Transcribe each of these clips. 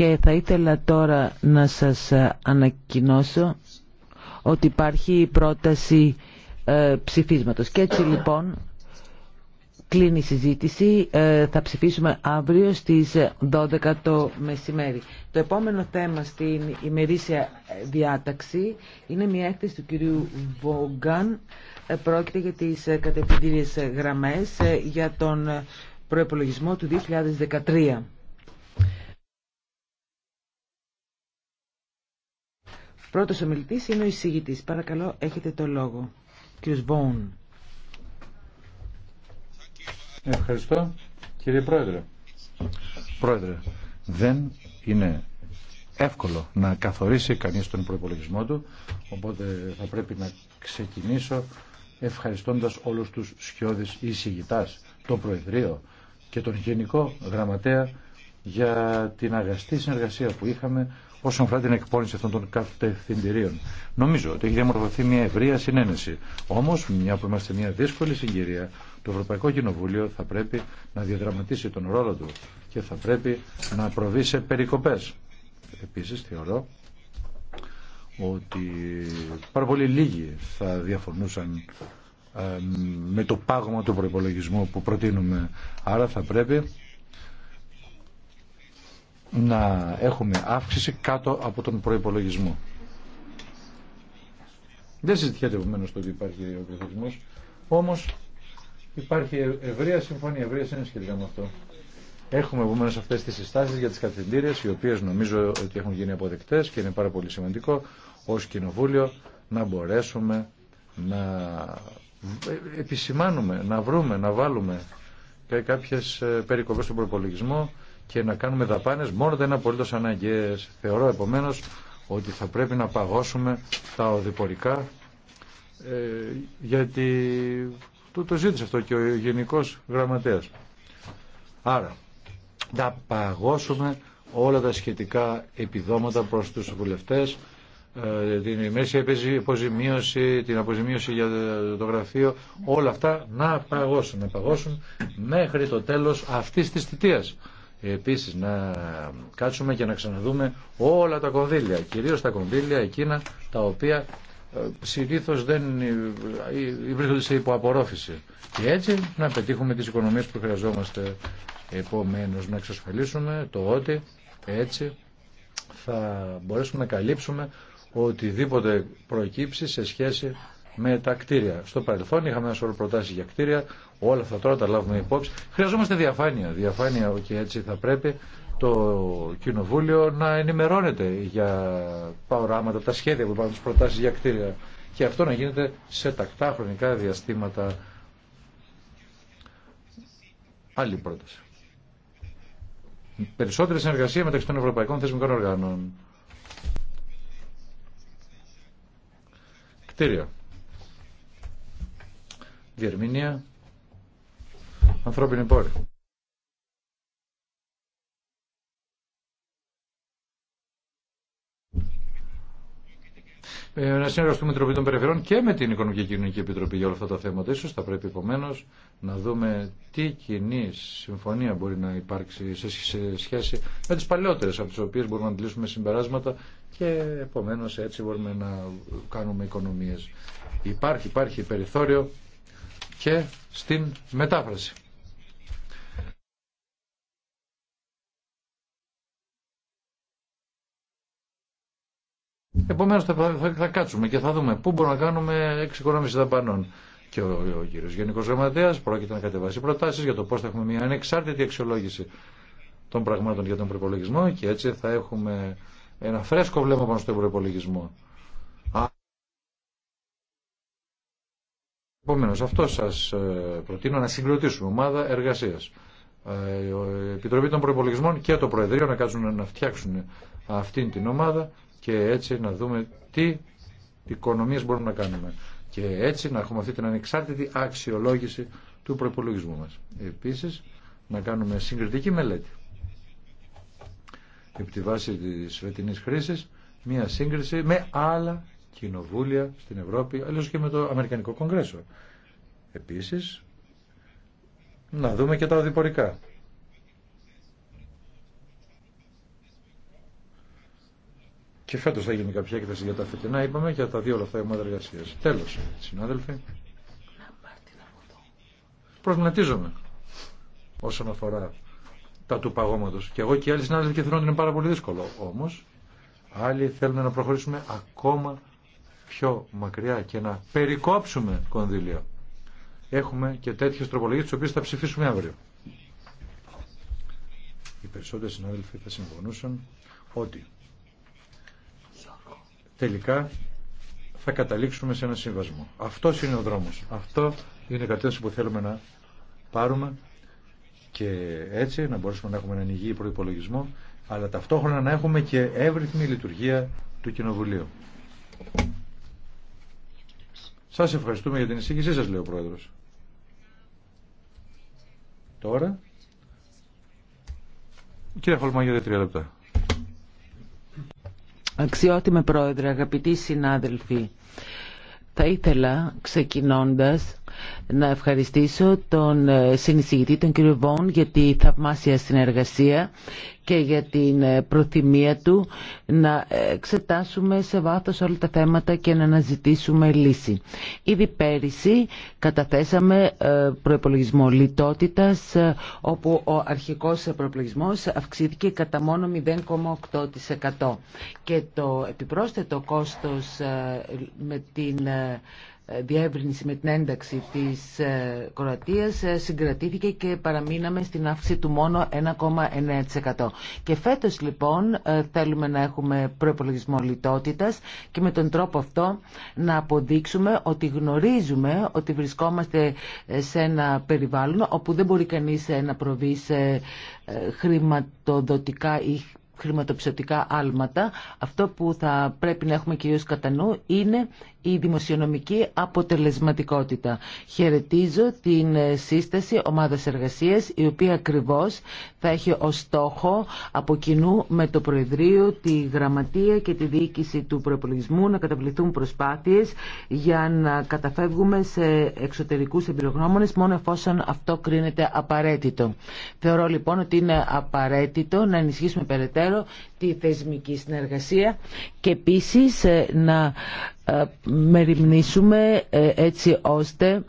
Και θα ήθελα τώρα να σας ε, ανακοινώσω ότι υπάρχει πρόταση ε, ψηφίσματος. Και έτσι λοιπόν κλείνει η συζήτηση. Ε, θα ψηφίσουμε αύριο στις 12 ε, το μεσημέρι. Το επόμενο θέμα στην ημερήσια διάταξη είναι μια έκθεση του κυρίου Βόγκαν. πρόκειται για τις κατευθυντήριες γραμμές για τον προεπολογισμό του 2013. Πρώτος ομιλητής είναι ο εισηγητή. Παρακαλώ, έχετε το λόγο. Κύριος Μπόουν. Ευχαριστώ, κύριε Πρόεδρε. Πρόεδρε, δεν είναι εύκολο να καθορίσει κανείς τον προπολογισμό του, οπότε θα πρέπει να ξεκινήσω ευχαριστώντας όλους τους Η εισηγητάς, το Προεδρείο και τον Γενικό Γραμματέα για την αγαστή συνεργασία που είχαμε όσον αφορά την εκπόνηση αυτών των κατευθυντηρίων. Νομίζω ότι έχει διαμορφωθεί μια ευρεία συνένεση. Όμω, μια που είμαστε μια δύσκολη συγκυρία, το Ευρωπαϊκό Κοινοβούλιο θα πρέπει να διαδραματίσει τον ρόλο του και θα πρέπει να προβεί σε περικοπέ. Επίση, θεωρώ ότι πάρα πολύ λίγοι θα διαφωνούσαν ε, με το πάγωμα του προπολογισμού που προτείνουμε. Άρα θα πρέπει να έχουμε αύξηση κάτω από τον προϋπολογισμό. Δεν συζητιέται επομένω το ότι υπάρχει ο πληθυσμό, όμω υπάρχει ευρεία συμφωνία, ευρεία είναι σχετικά με αυτό. Έχουμε επομένω αυτέ τι συστάσει για τι καθηγητήρε, οι οποίε νομίζω ότι έχουν γίνει αποδεκτέ και είναι πάρα πολύ σημαντικό ω κοινοβούλιο να μπορέσουμε να επισημάνουμε, να βρούμε, να βάλουμε κάποιε περικοπέ στον προπολογισμό και να κάνουμε δαπάνε μόνο δεν είναι απολύτω αναγκαίε. Θεωρώ επομένω ότι θα πρέπει να παγώσουμε τα οδηπορικά ε, γιατί το, το ζήτησε αυτό και ο Γενικός Γραμματέας. Άρα, να παγώσουμε όλα τα σχετικά επιδόματα προς τους βουλευτές, ε, την μέση αποζημίωση, την αποζημίωση για το γραφείο, όλα αυτά να παγώσουν, να παγώσουν μέχρι το τέλος αυτής της θητείας. Επίσης να κάτσουμε και να ξαναδούμε όλα τα κονδύλια, κυρίως τα κονδύλια εκείνα τα οποία ε, συνήθω δεν βρίσκονται σε υποαπορρόφηση. Και έτσι να πετύχουμε τις οικονομίες που χρειαζόμαστε επομένως να εξασφαλίσουμε το ότι έτσι θα μπορέσουμε να καλύψουμε οτιδήποτε προκύψει σε σχέση με τα κτίρια. Στο παρελθόν είχαμε ένα σωρό προτάσει για κτίρια, Όλα αυτά τώρα τα λάβουμε υπόψη. Χρειαζόμαστε διαφάνεια. Διαφάνεια και έτσι θα πρέπει το Κοινοβούλιο να ενημερώνεται για τα οράματα, τα σχέδια που υπάρχουν, τι προτάσεις για κτίρια. Και αυτό να γίνεται σε τακτά χρονικά διαστήματα. Άλλη πρόταση. Περισσότερη συνεργασία μεταξύ των Ευρωπαϊκών Θεσμικών Οργάνων. Κτίρια. Διερμηνία ανθρώπινη πόρη. Ε, να συνεργαστούμε με την Επιτροπή των Περιφερειών και με την Οικονομική και Κοινωνική Επιτροπή για όλα αυτά τα θέματα. Ίσως θα πρέπει επομένω να δούμε τι κοινή συμφωνία μπορεί να υπάρξει σε σχέση με τις παλαιότερες από τις οποίες μπορούμε να αντιλήσουμε συμπεράσματα και επομένω έτσι μπορούμε να κάνουμε οικονομίες. Υπάρχει, υπάρχει περιθώριο και στην μετάφραση. Επομένω, θα, θα, θα, κάτσουμε και θα δούμε πού μπορούμε να κάνουμε εξοικονόμηση δαπανών. Και ο, ο, ο κύριος Γενικός Γραμματέα πρόκειται να κατεβάσει προτάσει για το πώ θα έχουμε μια ανεξάρτητη αξιολόγηση των πραγμάτων για τον προπολογισμό και έτσι θα έχουμε ένα φρέσκο βλέμμα πάνω στον προπολογισμό. Επομένω, αυτό σα ε, προτείνω να συγκροτήσουμε ομάδα εργασία. Ε, η Επιτροπή των Προπολογισμών και το Προεδρείο να κάτσουν να φτιάξουν αυτήν την ομάδα και έτσι να δούμε τι οικονομίες μπορούμε να κάνουμε και έτσι να έχουμε αυτή την ανεξάρτητη αξιολόγηση του προπολογισμού μας. Επίσης, να κάνουμε συγκριτική μελέτη. Επί τη βάση της φετινής χρήσης, μία σύγκριση με άλλα κοινοβούλια στην Ευρώπη, αλλιώς και με το Αμερικανικό Κογκρέσο. Επίσης, να δούμε και τα οδηπορικά. Και φέτος θα γίνει κάποια έκθεση για τα φετινά, είπαμε, για τα δύο όλα αυτά ομάδα εργασία. Τέλος, συνάδελφοι. Προβληματίζομαι όσον αφορά τα του παγώματος. Και εγώ και οι άλλοι συνάδελφοι και θεωρώ ότι είναι πάρα πολύ δύσκολο. Όμως, άλλοι θέλουν να προχωρήσουμε ακόμα πιο μακριά και να περικόψουμε κονδύλια. Έχουμε και τέτοιες τροπολογίες τις οποίες θα ψηφίσουμε αύριο. Οι περισσότεροι συνάδελφοι θα συμφωνούσαν ότι τελικά θα καταλήξουμε σε ένα σύμβασμο. Αυτός είναι ο δρόμος. Αυτό είναι η κατεύθυνση που θέλουμε να πάρουμε και έτσι να μπορέσουμε να έχουμε έναν υγιή προϋπολογισμό αλλά ταυτόχρονα να έχουμε και εύρυθμη λειτουργία του Κοινοβουλίου. Σας ευχαριστούμε για την εισήγησή σας, λέει ο Πρόεδρος. Τώρα, κύριε Χολμάγερ, για τρία λεπτά. Αξιότιμε πρόεδρε, αγαπητοί συνάδελφοι, θα ήθελα ξεκινώντας να ευχαριστήσω τον ε, συνεισηγητή τον κύριο Βόν για τη θαυμάσια συνεργασία και για την ε, προθυμία του να εξετάσουμε σε βάθος όλα τα θέματα και να αναζητήσουμε λύση. Ήδη πέρυσι καταθέσαμε ε, προπολογισμό λιτότητας ε, όπου ο αρχικός προϋπολογισμός αυξήθηκε κατά μόνο 0,8% και το επιπρόσθετο κόστος με την διεύρυνση με την ένταξη της ε, Κροατίας ε, συγκρατήθηκε και παραμείναμε στην αύξηση του μόνο 1,9%. Και φέτος λοιπόν ε, θέλουμε να έχουμε προπολογισμό λιτότητας και με τον τρόπο αυτό να αποδείξουμε ότι γνωρίζουμε ότι βρισκόμαστε σε ένα περιβάλλον όπου δεν μπορεί κανείς να προβεί σε χρηματοδοτικά ή χρηματοψηφιακά άλματα. Αυτό που θα πρέπει να έχουμε κυρίως κατά νου είναι η δημοσιονομική αποτελεσματικότητα. Χαιρετίζω την ε, σύσταση ομάδας εργασίας η οποία ακριβώς θα έχει ως στόχο από κοινού με το Προεδρείο, τη Γραμματεία και τη Διοίκηση του Προπολογισμού να καταβληθούν προσπάθειες για να καταφεύγουμε σε εξωτερικούς εμπειρογνώμονες μόνο εφόσον αυτό κρίνεται απαραίτητο. Θεωρώ λοιπόν ότι είναι απαραίτητο να ενισχύσουμε περαιτέρω τη θεσμική συνεργασία και επίσης ε, να ε, μεριμνήσουμε ε, έτσι ώστε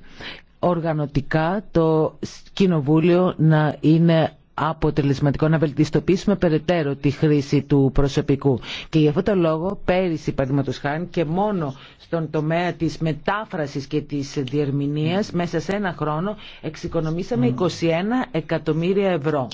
οργανωτικά το Κοινοβούλιο να είναι αποτελεσματικό να βελτιστοποιήσουμε περαιτέρω τη χρήση του προσωπικού. Και γι' αυτό το λόγο πέρυσι, παραδείγματος χάρη, και μόνο στον τομέα της μετάφρασης και της διερμηνίας, μέσα σε ένα χρόνο εξοικονομήσαμε 21 εκατομμύρια ευρώ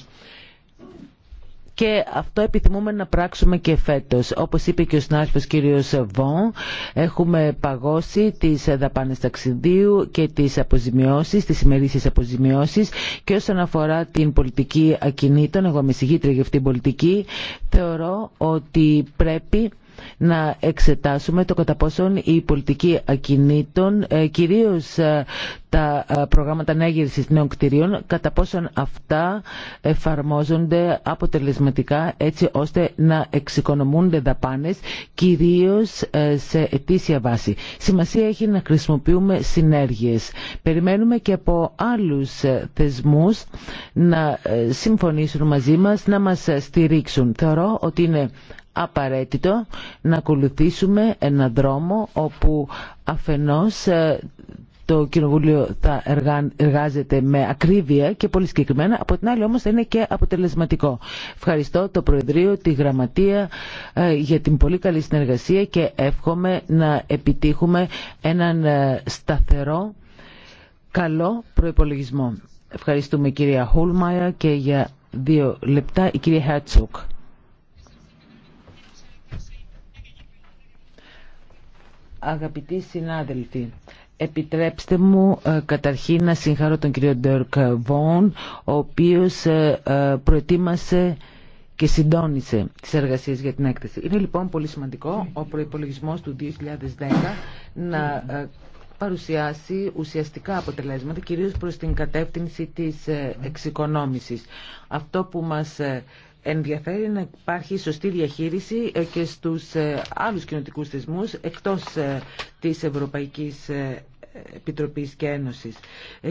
και αυτό επιθυμούμε να πράξουμε και φέτος. Όπως είπε και ο συνάδελφος κύριος Βον, έχουμε παγώσει τις δαπάνες ταξιδίου και τις αποζημιώσεις, τις ημερήσεις αποζημιώσεις και όσον αφορά την πολιτική ακινήτων, εγώ είμαι συγγήτρια για αυτήν την πολιτική, θεωρώ ότι πρέπει να εξετάσουμε το κατά πόσον η πολιτική ακινήτων, ε, κυρίως ε, τα ε, προγράμματα ανέγερσης νέων κτηρίων, κατά πόσον αυτά εφαρμόζονται αποτελεσματικά έτσι ώστε να εξοικονομούνται δαπάνες, κυρίως σε ετήσια βάση. Σημασία έχει να χρησιμοποιούμε συνέργειες. Περιμένουμε και από άλλους θεσμούς να συμφωνήσουν μαζί μας, να μας στηρίξουν. Θεωρώ ότι είναι απαραίτητο να ακολουθήσουμε έναν δρόμο όπου αφενός ε, το Κοινοβούλιο θα εργάζεται με ακρίβεια και πολύ συγκεκριμένα, από την άλλη όμως θα είναι και αποτελεσματικό. Ευχαριστώ το Προεδρείο, τη Γραμματεία ε, για την πολύ καλή συνεργασία και εύχομαι να επιτύχουμε έναν ε, σταθερό, καλό προϋπολογισμό. Ευχαριστούμε κυρία Χούλμαια και για δύο λεπτά η κυρία Χάτσουκ. Αγαπητοί συνάδελφοι, επιτρέψτε μου ε, καταρχήν να συγχαρώ τον κύριο Ντέρκ Βόν, ο οποίος ε, ε, προετοίμασε και συντόνισε τις εργασίες για την έκθεση. Είναι λοιπόν πολύ σημαντικό ο προϋπολογισμός του 2010 να παρουσιάσει ουσιαστικά αποτελέσματα, κυρίως προς την κατεύθυνση της εξοικονόμησης. Αυτό που μας ενδιαφέρει να υπάρχει σωστή διαχείριση ε, και στους ε, άλλους κοινωτικούς θεσμούς εκτός ε, της Ευρωπαϊκής Επιτροπής και Ένωσης.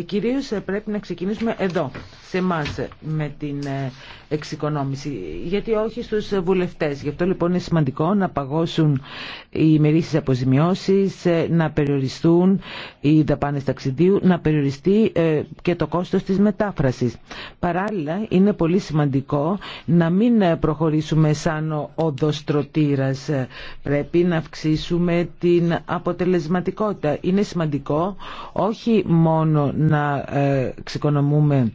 Κυρίως πρέπει να ξεκινήσουμε εδώ, σε εμά με την εξοικονόμηση. Γιατί όχι στους βουλευτές. Γι' αυτό λοιπόν είναι σημαντικό να παγώσουν οι μερίσεις αποζημιώσει, ε, να περιοριστούν οι δαπάνε ταξιδίου, να περιοριστεί ε, και το κόστος της μετάφρασης. Παράλληλα είναι πολύ σημαντικό να μην προχωρήσουμε σαν οδοστρωτήρα. Πρέπει να αυξήσουμε την αποτελεσματικότητα. Είναι σημαντικό όχι μόνο να ε, εξοικονομούμε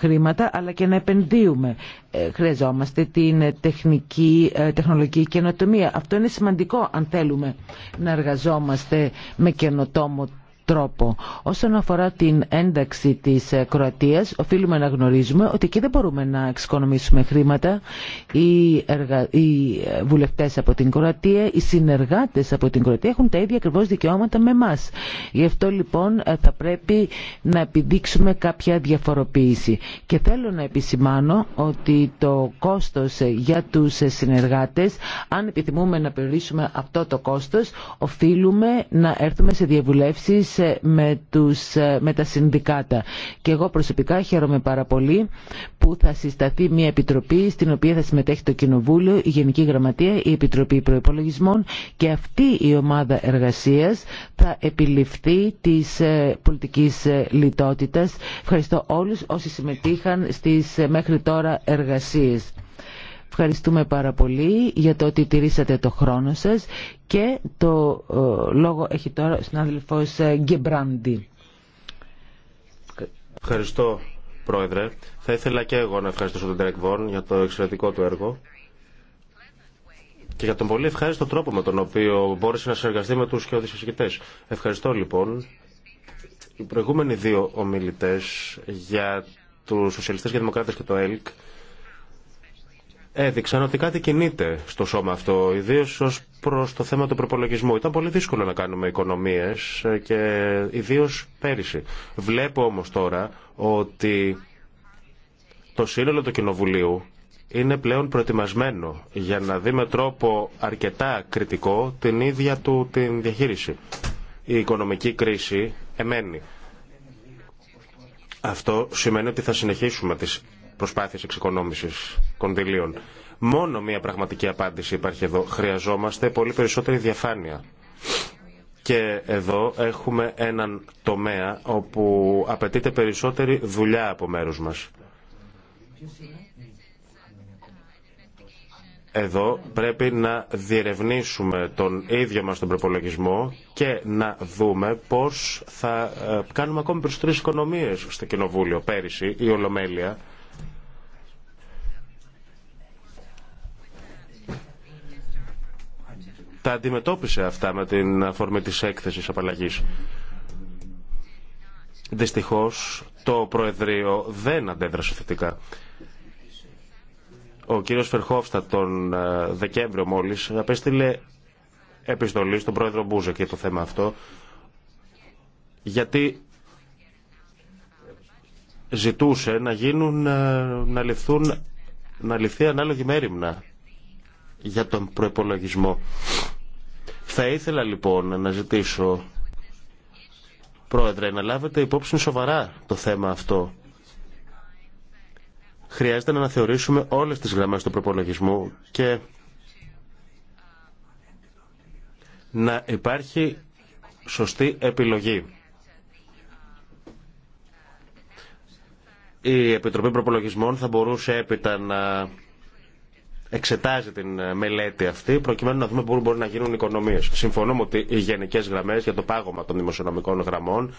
χρήματα αλλά και να επενδύουμε. Ε, χρειαζόμαστε την τεχνική, ε, τεχνολογική καινοτομία. Αυτό είναι σημαντικό αν θέλουμε να εργαζόμαστε με καινοτόμο τρόπο. Όσον αφορά την ένταξη της ε, Κροατίας, οφείλουμε να γνωρίζουμε ότι εκεί δεν μπορούμε να εξοικονομήσουμε χρήματα. Οι, εργα... οι ε, βουλευτές από την Κροατία, οι συνεργάτες από την Κροατία έχουν τα ίδια ακριβώς δικαιώματα με εμά. Γι' αυτό λοιπόν ε, θα πρέπει να επιδείξουμε κάποια διαφοροποίηση. Και θέλω να επισημάνω ότι το κόστος για τους συνεργάτες, αν επιθυμούμε να περιορίσουμε αυτό το κόστος, οφείλουμε να έρθουμε σε διαβουλεύσεις με, τους, ε, με τα συνδικάτα. Και εγώ προσωπικά χαίρομαι πάρα πολύ που θα συσταθεί μια επιτροπή στην οποία θα συμμετέχει το Κοινοβούλιο, η Γενική Γραμματεία, η Επιτροπή Προϋπολογισμών και αυτή η ομάδα εργασίας θα επιληφθεί της ε, πολιτικής ε, λιτότητας. Ευχαριστώ όλους όσοι συμμετείχαν στις μέχρι τώρα εργασίες. Ευχαριστούμε πάρα πολύ για το ότι τηρήσατε το χρόνο σας και το ε, λόγο έχει τώρα ο συνάδελφος ε, Γκεμπράντι. Ευχαριστώ Πρόεδρε. Θα ήθελα και εγώ να ευχαριστήσω τον Τέρεκ Βόν για το εξαιρετικό του έργο και για τον πολύ ευχάριστο τρόπο με τον οποίο μπόρεσε να συνεργαστεί με τους και Ευχαριστώ λοιπόν οι προηγούμενοι δύο ομιλητές για τους σοσιαλιστές και δημοκράτες και το ΕΛΚ έδειξαν ότι κάτι κινείται στο σώμα αυτό, ιδίω ω προ το θέμα του προπολογισμού. Ήταν πολύ δύσκολο να κάνουμε οικονομίε και ιδίω πέρυσι. Βλέπω όμω τώρα ότι το σύνολο του Κοινοβουλίου είναι πλέον προετοιμασμένο για να δει με τρόπο αρκετά κριτικό την ίδια του την διαχείριση. Η οικονομική κρίση εμένει. Αυτό σημαίνει ότι θα συνεχίσουμε τις προσπάθειες εξοικονόμησης κονδυλίων. Μόνο μία πραγματική απάντηση υπάρχει εδώ. Χρειαζόμαστε πολύ περισσότερη διαφάνεια. Και εδώ έχουμε έναν τομέα όπου απαιτείται περισσότερη δουλειά από μέρους μας. Εδώ πρέπει να διερευνήσουμε τον ίδιο μας τον προπολογισμό και να δούμε πώς θα ε, κάνουμε ακόμη περισσότερες οικονομίες στο Κοινοβούλιο. Πέρυσι η Ολομέλεια τα αντιμετώπισε αυτά με την αφορμή της έκθεσης απαλλαγής. Δυστυχώς το Προεδρείο δεν αντέδρασε θετικά. Ο κύριος Φερχόφστα τον ε, Δεκέμβριο μόλις απέστειλε επιστολή στον Πρόεδρο Μπούζεκ και το θέμα αυτό γιατί ζητούσε να γίνουν, ε, να ληφθούν, να ληφθεί ανάλογη μέρημνα για τον προπολογισμό θα ήθελα λοιπόν να ζητήσω, Πρόεδρε, να λάβετε υπόψη σοβαρά το θέμα αυτό. Χρειάζεται να αναθεωρήσουμε όλες τις γραμμές του προπολογισμού και να υπάρχει σωστή επιλογή. Η Επιτροπή Προπολογισμών θα μπορούσε έπειτα να εξετάζει την ε, μελέτη αυτή προκειμένου να δούμε πού μπορεί να γίνουν οικονομίες. Συμφωνούμε ότι οι γενικές γραμμές για το πάγωμα των δημοσιονομικών γραμμών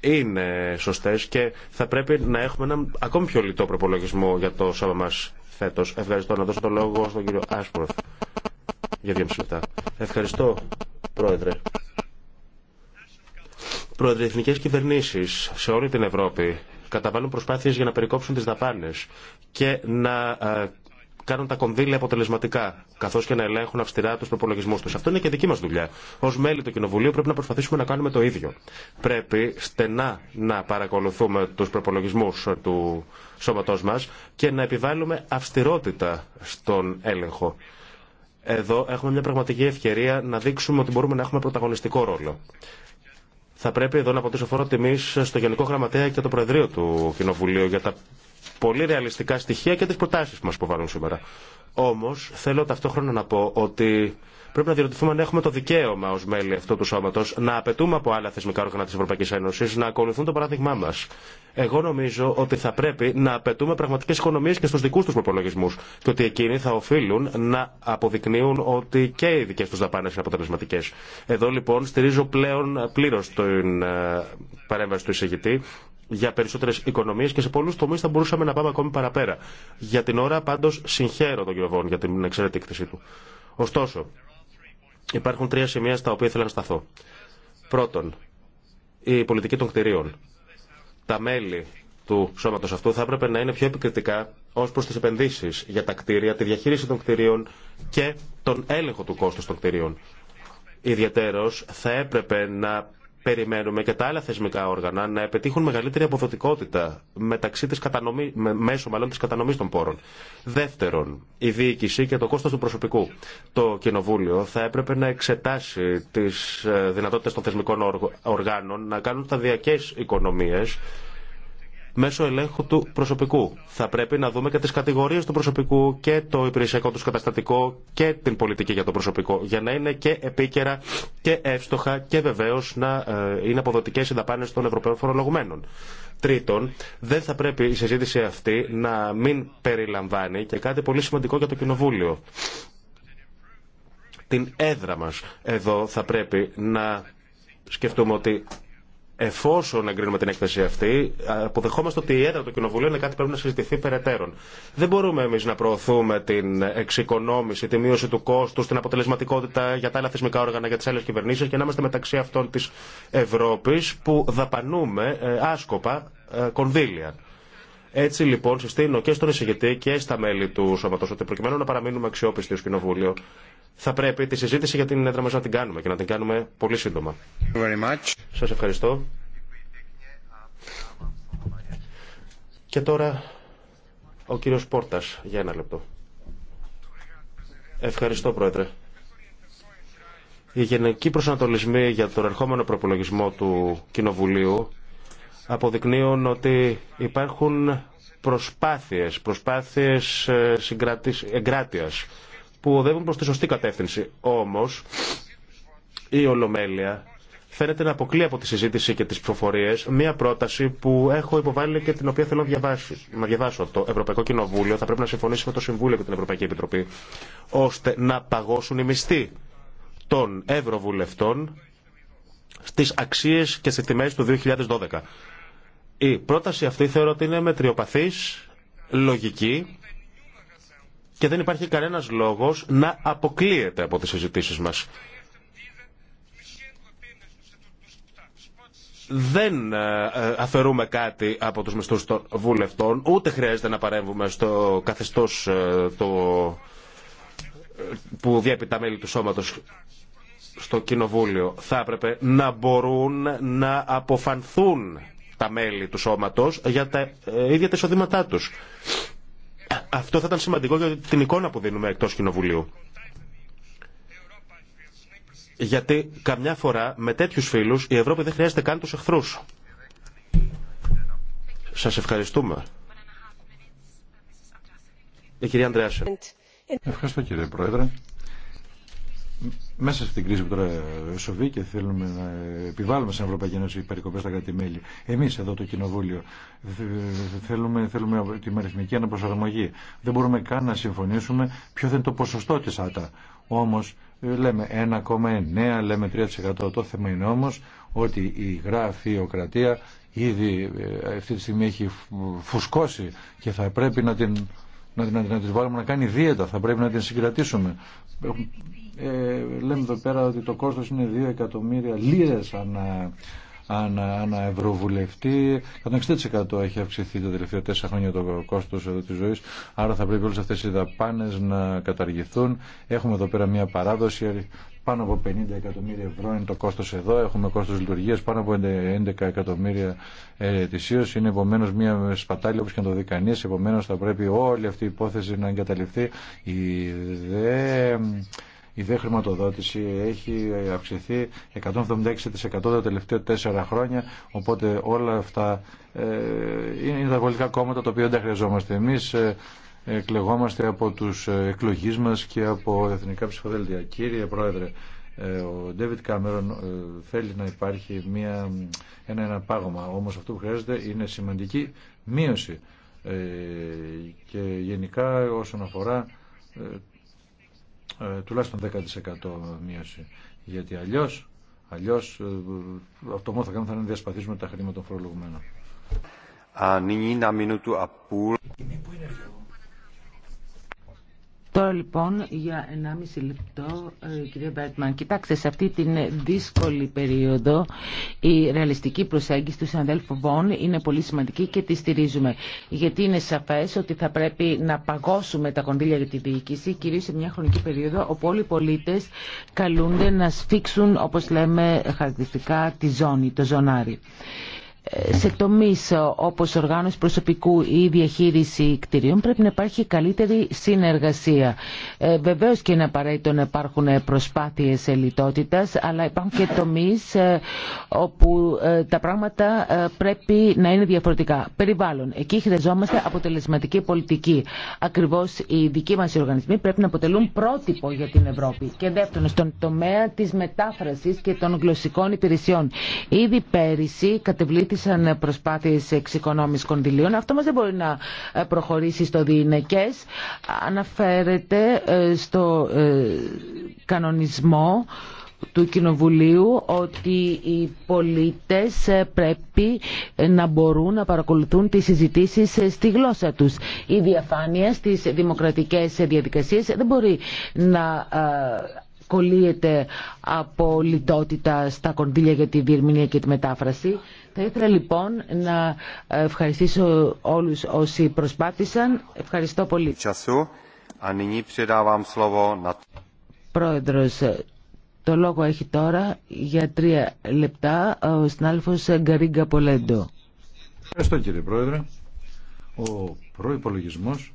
είναι σωστές και θα πρέπει να έχουμε έναν ακόμη πιο λιτό προπολογισμό για το σώμα μας φέτος. Ευχαριστώ να δώσω το λόγο στον κύριο Άσπροθ για δύο λεπτά. Ευχαριστώ, Πρόεδρε. Προεδρεθνικές κυβερνήσεις σε όλη την Ευρώπη καταβάλουν προσπάθειες για να περικόψουν τις δαπάνες και να ε, κάνουν τα κονδύλια αποτελεσματικά, καθώς και να ελέγχουν αυστηρά τους προπολογισμού τους. Αυτό είναι και δική μας δουλειά. Ως μέλη του Κοινοβουλίου πρέπει να προσπαθήσουμε να κάνουμε το ίδιο. Πρέπει στενά να παρακολουθούμε τους προπολογισμού του σώματό μας και να επιβάλλουμε αυστηρότητα στον έλεγχο. Εδώ έχουμε μια πραγματική ευκαιρία να δείξουμε ότι μπορούμε να έχουμε πρωταγωνιστικό ρόλο. Θα πρέπει εδώ να αποτύσσω φόρο τιμή στο Γενικό Γραμματέα και το Προεδρείο του Κοινοβουλίου για τα πολύ ρεαλιστικά στοιχεία και τι προτάσει που μα υποβάλλουν σήμερα. Όμω θέλω ταυτόχρονα να πω ότι Πρέπει να διερωτηθούμε αν έχουμε το δικαίωμα ω μέλη αυτού του σώματο να απαιτούμε από άλλα θεσμικά όργανα τη Ευρωπαϊκή Ένωση να ακολουθούν το παράδειγμά μα. Εγώ νομίζω ότι θα πρέπει να απαιτούμε πραγματικέ οικονομίε και στου δικού του προπολογισμού και ότι εκείνοι θα οφείλουν να αποδεικνύουν ότι και οι δικέ του δαπάνε είναι αποτελεσματικέ. Εδώ λοιπόν στηρίζω πλέον πλήρω την ε, παρέμβαση του εισηγητή για περισσότερε οικονομίε και σε πολλού τομεί θα μπορούσαμε να πάμε ακόμη παραπέρα. Για την ώρα πάντω συγχαίρω τον για την εξαιρετική του. Ωστόσο, Υπάρχουν τρία σημεία στα οποία ήθελα να σταθώ. Πρώτον, η πολιτική των κτηρίων. Τα μέλη του σώματο αυτού θα έπρεπε να είναι πιο επικριτικά ω προ τι επενδύσει για τα κτίρια, τη διαχείριση των κτηρίων και τον έλεγχο του κόστου των κτηρίων. Ιδιαιτέρω θα έπρεπε να περιμένουμε και τα άλλα θεσμικά όργανα να επιτύχουν μεγαλύτερη αποδοτικότητα μεταξύ της κατανομή, μέσω μάλλον της κατανομής των πόρων. Δεύτερον, η διοίκηση και το κόστος του προσωπικού. Το Κοινοβούλιο θα έπρεπε να εξετάσει τις ε, δυνατότητες των θεσμικών οργάνων να κάνουν σταδιακές οικονομίες μέσω ελέγχου του προσωπικού. Θα πρέπει να δούμε και τι κατηγορίε του προσωπικού και το υπηρεσιακό του καταστατικό και την πολιτική για το προσωπικό, για να είναι και επίκαιρα και εύστοχα και βεβαίω να ε, είναι αποδοτικέ οι δαπάνε των Ευρωπαίων φορολογουμένων. Τρίτον, δεν θα πρέπει η συζήτηση αυτή να μην περιλαμβάνει και κάτι πολύ σημαντικό για το Κοινοβούλιο. Την έδρα μας εδώ θα πρέπει να σκεφτούμε ότι εφόσον εγκρίνουμε την έκθεση αυτή, αποδεχόμαστε ότι η έδρα του Κοινοβουλίου είναι κάτι που πρέπει να συζητηθεί περαιτέρω. Δεν μπορούμε εμεί να προωθούμε την εξοικονόμηση, τη μείωση του κόστου, την αποτελεσματικότητα για τα άλλα θεσμικά όργανα, για τι άλλε κυβερνήσει και να είμαστε μεταξύ αυτών τη Ευρώπη που δαπανούμε ε, άσκοπα ε, κονδύλια. Έτσι λοιπόν συστήνω και στον εισηγητή και στα μέλη του σώματο ότι προκειμένου να παραμείνουμε αξιόπιστοι ω κοινοβούλιο θα πρέπει τη συζήτηση για την έδρα μα να την κάνουμε και να την κάνουμε πολύ σύντομα. Σας ευχαριστώ. Και τώρα ο κύριος Πόρτας για ένα λεπτό. Ευχαριστώ Πρόεδρε. Οι γενικοί προσανατολισμοί για τον ερχόμενο προπολογισμό του Κοινοβουλίου αποδεικνύουν ότι υπάρχουν προσπάθειες, προσπάθειες ε, εγκράτειας που οδεύουν προς τη σωστή κατεύθυνση. Όμως η Ολομέλεια φαίνεται να αποκλεί από τη συζήτηση και τις προφορίες μία πρόταση που έχω υποβάλει και την οποία θέλω να διαβάσω. να διαβάσω. Το Ευρωπαϊκό Κοινοβούλιο θα πρέπει να συμφωνήσει με το Συμβούλιο και την Ευρωπαϊκή Επιτροπή ώστε να παγώσουν οι μισθοί των Ευρωβουλευτών στις αξίες και στις τιμές του 2012. Η πρόταση αυτή θεωρώ ότι είναι μετριοπαθής, λογική και δεν υπάρχει κανένας λόγος να αποκλείεται από τις συζητήσεις μας. δεν ε, ε, αφαιρούμε κάτι από τους μισθούς των βουλευτών, ούτε χρειάζεται να παρέμβουμε στο καθεστώς ε, το... που διέπει τα μέλη του σώματος στο Κοινοβούλιο. Θα έπρεπε να μπορούν να αποφανθούν τα μέλη του σώματος για τα ε, ίδια τα εισοδήματά του. Αυτό θα ήταν σημαντικό για την εικόνα που δίνουμε εκτός Κοινοβουλίου. Γιατί καμιά φορά με τέτοιου φίλους η Ευρώπη δεν χρειάζεται καν του εχθρού. Σας ευχαριστούμε. Η κυρία Ευχαριστώ κύριε Πρόεδρε μέσα στην κρίση που τώρα σοβεί και θέλουμε να επιβάλλουμε στην Ευρωπαϊκή Ένωση περικοπέ στα κράτη-μέλη. Εμεί εδώ το Κοινοβούλιο θέλουμε, θέλουμε τη αριθμική αναπροσαρμογή. Δεν μπορούμε καν να συμφωνήσουμε ποιο θα είναι το ποσοστό τη ΑΤΑ. Όμω ε, λέμε 1,9, λέμε 3%. Το θέμα είναι όμω ότι η γραφειοκρατία ήδη ε, αυτή τη στιγμή έχει φουσκώσει και θα πρέπει να την να, να, να τη βάλουμε να κάνει δίαιτα, θα πρέπει να την συγκρατήσουμε. Ε, λέμε εδώ πέρα ότι το κόστος είναι 2 εκατομμύρια λίρες ανα, ανα, ανα ευρωβουλευτή. 160% έχει αυξηθεί τα τελευταία τέσσερα χρόνια το κόστος τη ε, της ζωής. Άρα θα πρέπει όλες αυτές οι δαπάνες να καταργηθούν. Έχουμε εδώ πέρα μια παράδοση πάνω από 50 εκατομμύρια ευρώ είναι το κόστος εδώ, έχουμε κόστος λειτουργίας πάνω από 11 εκατομμύρια ετησίω. είναι επομένω μια σπατάλη όπως και να το δει κανεί. επομένως θα πρέπει όλη αυτή η υπόθεση να εγκαταλειφθεί. Η δε... Η δε χρηματοδότηση έχει αυξηθεί 176% τα τελευταία τέσσερα χρόνια, οπότε όλα αυτά ε, είναι τα πολιτικά κόμματα τα οποία δεν χρειαζόμαστε εμείς. Ε, εκλεγόμαστε από τους εκλογείς μας και από εθνικά ψηφοδέλτια. Κύριε Πρόεδρε, ο Ντέβιτ Κάμερον θέλει να υπάρχει μια, ένα, ένα πάγωμα, όμως αυτό που χρειάζεται είναι σημαντική μείωση και γενικά όσον αφορά τουλάχιστον 10% μείωση. Γιατί αλλιώς, αλλιώς αυτό μόνο θα κάνουμε θα είναι να διασπαθήσουμε τα χρήματα των φορολογουμένων. Τώρα λοιπόν για 1,5 λεπτό, ε, κυρία Μπέρτμαν, κοιτάξτε, σε αυτή την δύσκολη περίοδο η ρεαλιστική προσέγγιση του συναδέλφου Βόν είναι πολύ σημαντική και τη στηρίζουμε. Γιατί είναι σαφές ότι θα πρέπει να παγώσουμε τα κονδύλια για τη διοίκηση, κυρίως σε μια χρονική περίοδο όπου όλοι οι πολίτε καλούνται να σφίξουν, όπως λέμε χαρακτηριστικά, τη ζώνη, το ζωνάρι. Ε, σε τομεί ε, όπω οργάνωση προσωπικού ή διαχείριση κτηρίων πρέπει να υπάρχει καλύτερη συνεργασία. Ε, βεβαίως και είναι απαραίτητο να υπάρχουν προσπάθειε ελιτότητα, αλλά υπάρχουν και τομείς ε, όπου τα πράγματα πρέπει να είναι διαφορετικά. Περιβάλλον. Εκεί χρειαζόμαστε αποτελεσματική πολιτική. Ακριβώ οι δικοί μα οργανισμοί πρέπει να αποτελούν πρότυπο για την Ευρώπη. Και δεύτερον, στον τομέα τη μετάφραση και των γλωσσικών υπηρεσιών. Ήδη πέρυσι κατεβλήθηκε υπήρξαν προσπάθειες εξοικονόμησης κονδυλίων. Αυτό μας δεν μπορεί να ε, προχωρήσει στο διηνεκές. Αναφέρεται ε, στο ε, κανονισμό του Κοινοβουλίου ότι οι πολίτες πρέπει να μπορούν να παρακολουθούν τις συζητήσεις στη γλώσσα τους. Η διαφάνεια στις δημοκρατικές διαδικασίες δεν μπορεί να κολλείεται από λιτότητα στα κονδύλια για τη διερμηνία και τη μετάφραση. Θα ήθελα λοιπόν να ευχαριστήσω όλους όσοι προσπάθησαν. Ευχαριστώ πολύ. Πρόεδρος, το λόγο έχει τώρα για τρία λεπτά ο Σνάλφος Γκαρίγκα Πολέντο. Ευχαριστώ κύριε Πρόεδρε. Ο προϋπολογισμός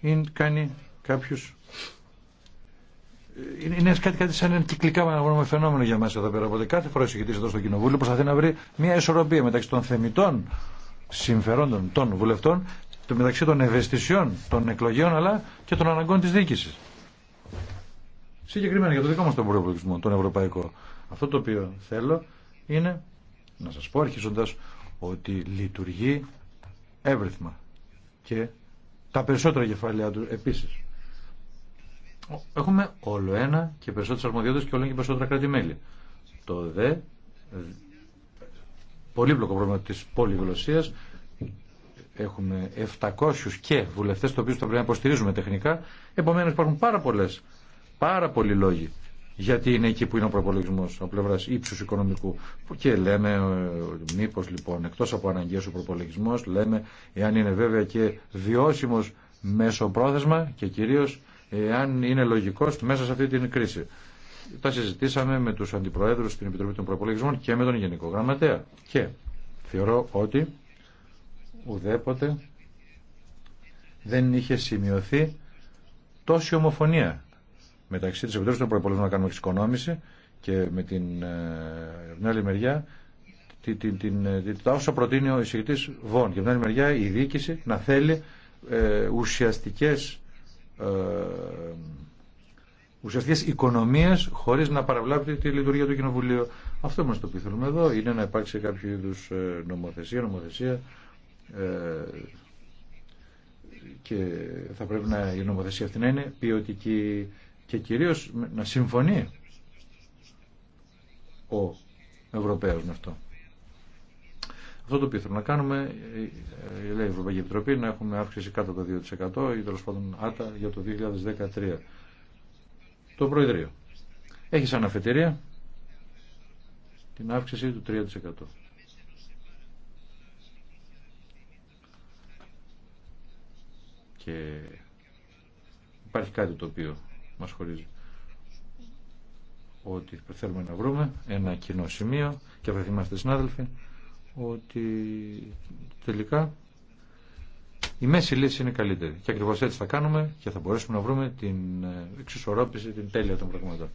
είναι, κάνει κάποιους είναι κάτι, κάτι σαν κυκλικά με φαινόμενο για μας εδώ πέρα. Οπότε κάθε φορά συγκεκριτής εδώ στο Κοινοβούλιο προσπαθεί να βρει μια ισορροπία μεταξύ των θεμητών συμφερόντων των βουλευτών, το μεταξύ των ευαισθησιών των εκλογέων αλλά και των αναγκών τη διοίκησης. Συγκεκριμένα για το δικό μα τον προπολογισμό, τον ευρωπαϊκό. Αυτό το οποίο θέλω είναι να σα πω αρχίζοντα ότι λειτουργεί εύρυθμα και τα περισσότερα κεφάλαιά του επίσης έχουμε όλο ένα και περισσότερες αρμοδιότητες και όλο και περισσότερα κράτη-μέλη. Το δε πολύπλοκο πρόβλημα της πολυγλωσσίας έχουμε 700 και βουλευτές το οποίο θα πρέπει να υποστηρίζουμε τεχνικά επομένως υπάρχουν πάρα πολλές πάρα πολλοί λόγοι γιατί είναι εκεί που είναι ο προπολογισμό ο πλευρά ύψου οικονομικού. Και λέμε, ε, μήπω λοιπόν, εκτό από αναγκαίο ο προπολογισμό, λέμε, εάν είναι βέβαια και βιώσιμο πρόθεσμα και κυρίω αν είναι λογικός μέσα σε αυτή την κρίση. Τα συζητήσαμε με τους αντιπροέδρους στην Επιτροπή των Προπολογισμών και με τον Γενικό Γραμματέα. Και θεωρώ ότι ουδέποτε δεν είχε σημειωθεί τόση ομοφωνία μεταξύ της Επιτροπής των Προπολογισμών να κάνουμε εξοικονόμηση και με την, ε, την άλλη μεριά την, ε, προτείνει ο εισηγητής Βόν και από την άλλη μεριά η διοίκηση να θέλει ε, ουσιαστικές ε, ουσιαστικές οικονομίες χωρίς να παραβλάπτει τη λειτουργία του Κοινοβουλίου. Αυτό μας το πειθούμε εδώ είναι να υπάρξει κάποιο είδου ε, νομοθεσία, νομοθεσία ε, και θα πρέπει να, η νομοθεσία αυτή να είναι ποιοτική και κυρίως να συμφωνεί ο Ευρωπαίος με αυτό. Αυτό το οποίο θέλουμε να κάνουμε, ε, ε, λέει η Ευρωπαϊκή Επιτροπή, να έχουμε αύξηση κάτω από το 2% ή τέλο πάντων άτα για το 2013. Το Προεδρείο. Έχει σαν αφετηρία την αύξηση του 3%. Και υπάρχει κάτι το οποίο μας χωρίζει ότι θέλουμε να βρούμε ένα κοινό σημείο και θα θυμάστε συνάδελφοι ότι τελικά η μέση λύση είναι καλύτερη. Και ακριβώς έτσι θα κάνουμε και θα μπορέσουμε να βρούμε την ε, εξισορρόπηση, την τέλεια των πραγμάτων.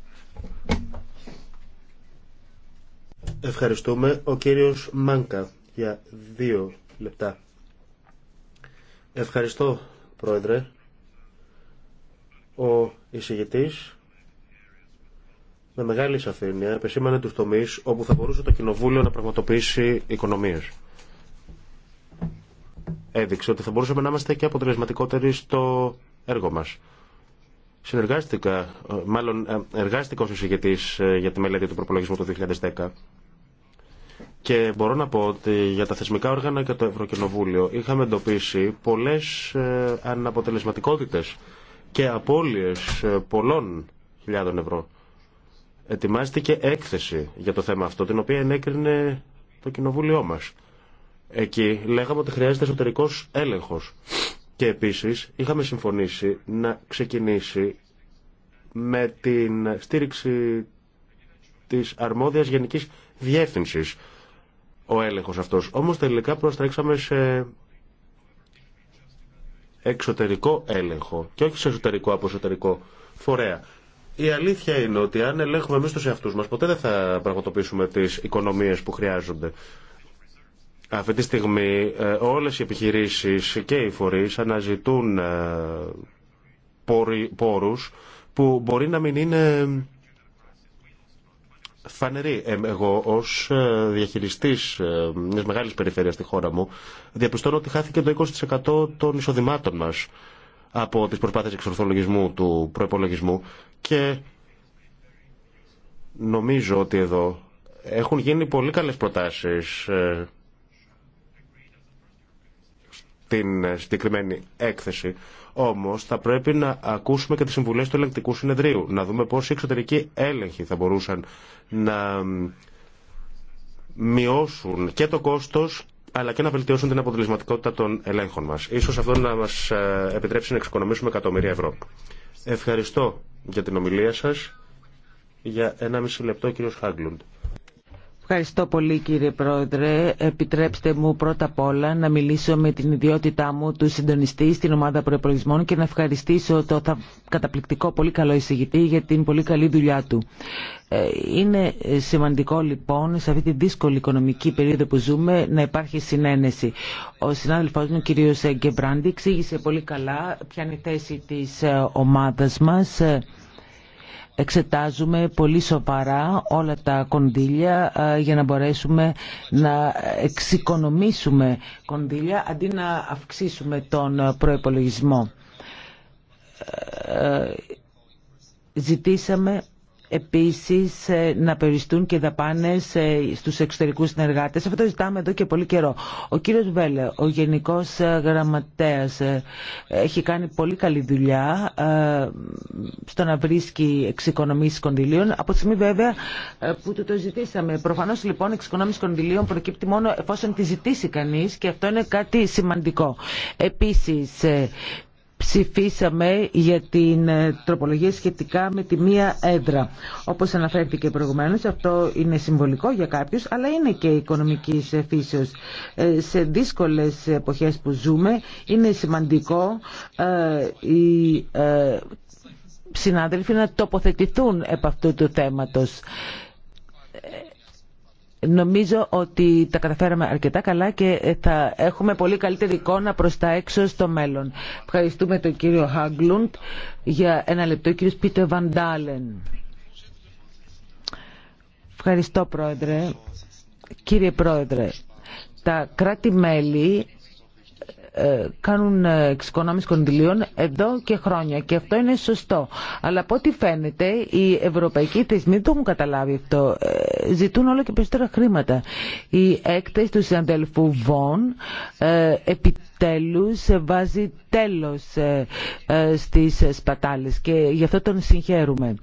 Ευχαριστούμε. Ο κύριος Μάνκα για δύο λεπτά. Ευχαριστώ, Πρόεδρε. Ο εισηγητής με μεγάλη σαφήνεια επεσήμανε τους τομεί όπου θα μπορούσε το Κοινοβούλιο να πραγματοποιήσει οικονομίες. Έδειξε ότι θα μπορούσαμε να είμαστε και αποτελεσματικότεροι στο έργο μας. Συνεργάστηκα, ε, μάλλον ε, εργάστηκα ως εισηγητής ε, για τη μελέτη του προπολογισμού του 2010 και μπορώ να πω ότι για τα θεσμικά όργανα και το Ευρωκοινοβούλιο είχαμε εντοπίσει πολλές αναποτελεσματικότητες και απώλειες πολλών χιλιάδων ευρώ ετοιμάστηκε έκθεση για το θέμα αυτό, την οποία ενέκρινε το κοινοβούλιο μας. Εκεί λέγαμε ότι χρειάζεται εσωτερικός έλεγχος. Και επίσης είχαμε συμφωνήσει να ξεκινήσει με την στήριξη της αρμόδιας γενικής διεύθυνσης ο έλεγχος αυτός. Όμως τελικά προστρέξαμε σε εξωτερικό έλεγχο και όχι σε εσωτερικό από εσωτερικό φορέα. Η αλήθεια είναι ότι αν ελέγχουμε εμεί του εαυτού μα, ποτέ δεν θα πραγματοποιήσουμε τι οικονομίε που χρειάζονται. Αυτή τη στιγμή ε, όλες οι επιχειρήσεις και οι φορείς αναζητούν ε, πόρους που μπορεί να μην είναι φανεροί. Ε, εγώ ως διαχειριστής μιας μεγάλης περιφέρειας στη χώρα μου διαπιστώνω ότι χάθηκε το 20% των εισοδημάτων μας από τις προσπάθειες εξορθολογισμού του προϋπολογισμού και νομίζω ότι εδώ έχουν γίνει πολύ καλές προτάσεις ε, στην συγκεκριμένη έκθεση. Όμως θα πρέπει να ακούσουμε και τις συμβουλές του ελεγκτικού συνεδρίου. Να δούμε πώς οι εξωτερικοί έλεγχοι θα μπορούσαν να μειώσουν και το κόστος αλλά και να βελτιώσουν την αποτελεσματικότητα των ελέγχων μα. Ίσως αυτό να μα ε, επιτρέψει να εξοικονομήσουμε εκατομμύρια ευρώ. Ευχαριστώ για την ομιλία σα. Για 1,5 λεπτό, κύριο Χάγκλουντ. Ευχαριστώ πολύ κύριε Πρόεδρε. Επιτρέψτε μου πρώτα απ' όλα να μιλήσω με την ιδιότητά μου του συντονιστή στην ομάδα προεπολογισμών και να ευχαριστήσω το καταπληκτικό πολύ καλό εισηγητή για την πολύ καλή δουλειά του. Ε, είναι σημαντικό λοιπόν σε αυτή τη δύσκολη οικονομική περίοδο που ζούμε να υπάρχει συνένεση. Ο συνάδελφός μου κύριος Γκεμπράντη εξήγησε πολύ καλά ποια είναι η θέση της ε, ομάδας μας ε, εξετάζουμε πολύ σοβαρά όλα τα κονδύλια ε, για να μπορέσουμε να εξοικονομήσουμε κονδύλια αντί να αυξήσουμε τον προϋπολογισμό. Ε, ε, ζητήσαμε Επίσης ε, να περιστούν και δαπάνες ε, στους εξωτερικούς συνεργάτες. Αυτό το ζητάμε εδώ και πολύ καιρό. Ο κύριος Βέλε, ο Γενικός ε, Γραμματέας, έχει κάνει πολύ καλή δουλειά στο να βρίσκει εξοικονομήσεις κονδυλίων. Από τη στιγμή βέβαια που το, το ζητήσαμε. Προφανώς λοιπόν εξοικονομήσεις κονδυλίων προκύπτει μόνο εφόσον τη ζητήσει κανείς και αυτό είναι κάτι σημαντικό. Επίσης ψηφίσαμε για την ε, τροπολογία σχετικά με τη μία έδρα. Όπως αναφέρθηκε προηγουμένως, αυτό είναι συμβολικό για κάποιους, αλλά είναι και οικονομικής φύσεως. Ε, σε δύσκολες εποχές που ζούμε, είναι σημαντικό ε, οι συνάδελφοι να τοποθετηθούν επ' αυτού του θέματος. Νομίζω ότι τα καταφέραμε αρκετά καλά και θα έχουμε πολύ καλύτερη εικόνα προς τα έξω στο μέλλον. Ευχαριστούμε τον κύριο Χάγκλουντ για ένα λεπτό. κύριος Πίτερ Βαντάλεν. Ευχαριστώ πρόεδρε. Κύριε πρόεδρε, τα κράτη-μέλη ε, κάνουν ε, εξοικονόμηση κοντιλιών εδώ και χρόνια και αυτό είναι σωστό. Αλλά από ό,τι φαίνεται οι ευρωπαϊκοί θεσμοί δεν το έχουν καταλάβει αυτό. Ε, ζητούν όλο και περισσότερα χρήματα. Η έκθεση του συναντέλφου Βον επιτέλους βάζει τέλος στις σπατάλες και γι' αυτό τον συγχαίρουμε.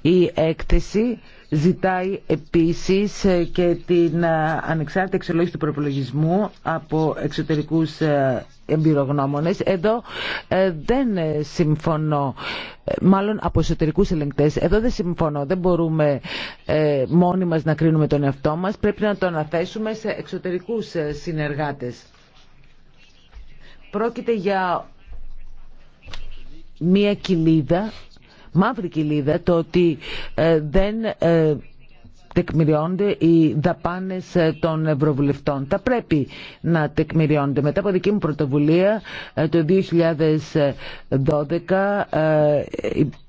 Η έκθεση Ζητάει επίσης ε, και την ε, ανεξάρτητη εξολόγηση του προπολογισμού από εξωτερικούς ε, εμπειρογνώμονες. Εδώ δεν συμφωνώ, μάλλον από εσωτερικούς ελεγκτές. Εδώ δεν συμφωνώ, δεν μπορούμε μόνοι μας να κρίνουμε τον εαυτό μας. Πρέπει να το αναθέσουμε σε εξωτερικούς συνεργάτες. Πρόκειται για μία κοιλίδα μαύρη κοιλίδα το ότι ε, δεν ε, τεκμηριώνται οι δαπάνες ε, των ευρωβουλευτών. Τα πρέπει να τεκμηριώνται. Μετά από δική μου πρωτοβουλία το 2012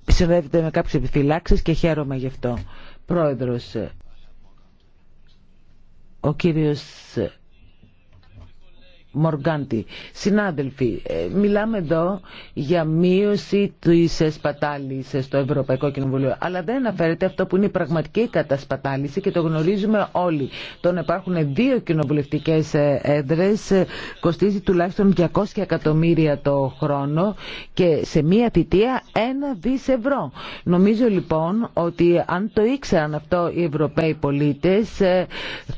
συνδέεται με κάποιες επιφυλάξεις και χαίρομαι γι' αυτό. Πρόεδρος, ο κύριος Συνάδελφοι, ε, μιλάμε εδώ για μείωση της σπατάλη στο Ευρωπαϊκό Κοινοβουλίο, αλλά δεν αναφέρεται αυτό που είναι η πραγματική κατασπατάληση και το γνωρίζουμε όλοι. Το να υπάρχουν δύο κοινοβουλευτικές ε, έδρες ε, κοστίζει τουλάχιστον 200 εκατομμύρια το χρόνο και σε μία θητεία ένα δις ευρώ. Νομίζω λοιπόν ότι αν το ήξεραν αυτό οι Ευρωπαίοι πολίτες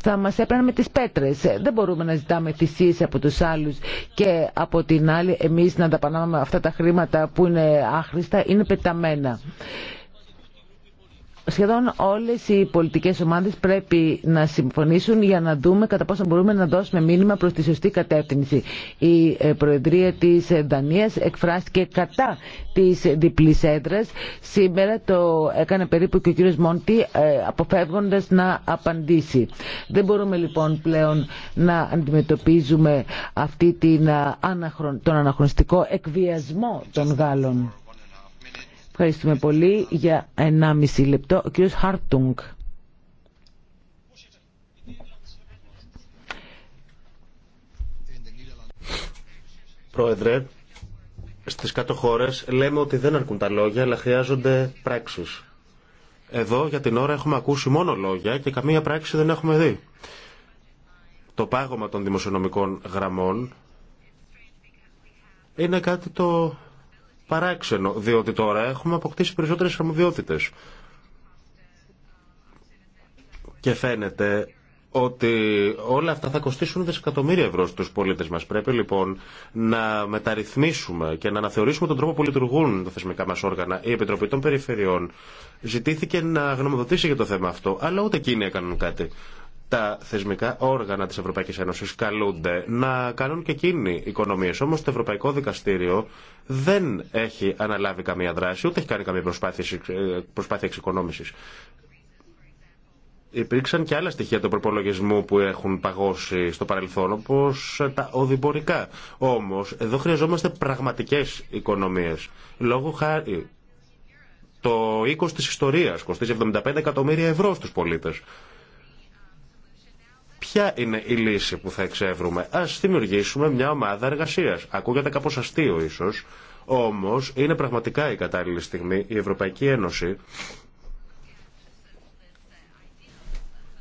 θα μας έπαιρναν με τις πέτρες. Δεν μπορούμε να ζητάμε θυσίες από τους άλλους και από την άλλη εμείς να τα αυτά τα χρήματα που είναι άχρηστα είναι πεταμένα σχεδόν όλες οι πολιτικές ομάδες πρέπει να συμφωνήσουν για να δούμε κατά πόσο μπορούμε να δώσουμε μήνυμα προς τη σωστή κατεύθυνση. Η ε, Προεδρία της Δανίας εκφράστηκε κατά της διπλής έδρας. Σήμερα το έκανε περίπου και ο κύριος Μόντι ε, αποφεύγοντας να απαντήσει. Δεν μπορούμε λοιπόν πλέον να αντιμετωπίζουμε αυτή την, ε, τον αναχρονιστικό εκβιασμό των Γάλλων. Ευχαριστούμε πολύ για 1,5 λεπτό. Ο κύριος Χάρτουγκ. Πρόεδρε, στις κάτω χώρες λέμε ότι δεν αρκούν τα λόγια, αλλά χρειάζονται πράξεις. Εδώ για την ώρα έχουμε ακούσει μόνο λόγια και καμία πράξη δεν έχουμε δει. Το πάγωμα των δημοσιονομικών γραμμών είναι κάτι το παράξενο, διότι τώρα έχουμε αποκτήσει περισσότερες αρμοδιότητες. Και φαίνεται ότι όλα αυτά θα κοστίσουν δισεκατομμύρια ευρώ στους πολίτες μας. Πρέπει λοιπόν να μεταρρυθμίσουμε και να αναθεωρήσουμε τον τρόπο που λειτουργούν τα θεσμικά μας όργανα. Η Επιτροπή των Περιφερειών ζητήθηκε να γνωμοδοτήσει για το θέμα αυτό, αλλά ούτε εκείνοι έκαναν κάτι τα θεσμικά όργανα της Ευρωπαϊκής Ένωσης καλούνται να κάνουν και εκείνοι οικονομίες. Όμως το Ευρωπαϊκό Δικαστήριο δεν έχει αναλάβει καμία δράση, ούτε έχει κάνει καμία προσπάθεια, ε, προσπάθεια εξοικονόμησης. Υπήρξαν και άλλα στοιχεία του προπολογισμού που έχουν παγώσει στο παρελθόν, όπω τα οδημπορικά. Όμως, εδώ χρειαζόμαστε πραγματικές οικονομίες. Λόγω χάρη, το οίκο της ιστορίας κοστίζει 75 εκατομμύρια ευρώ στου πολίτε. Ποια είναι η λύση που θα εξεύρουμε. Ας δημιουργήσουμε μια ομάδα εργασίας. Ακούγεται κάπω αστείο ίσως, όμως είναι πραγματικά η κατάλληλη στιγμή η Ευρωπαϊκή Ένωση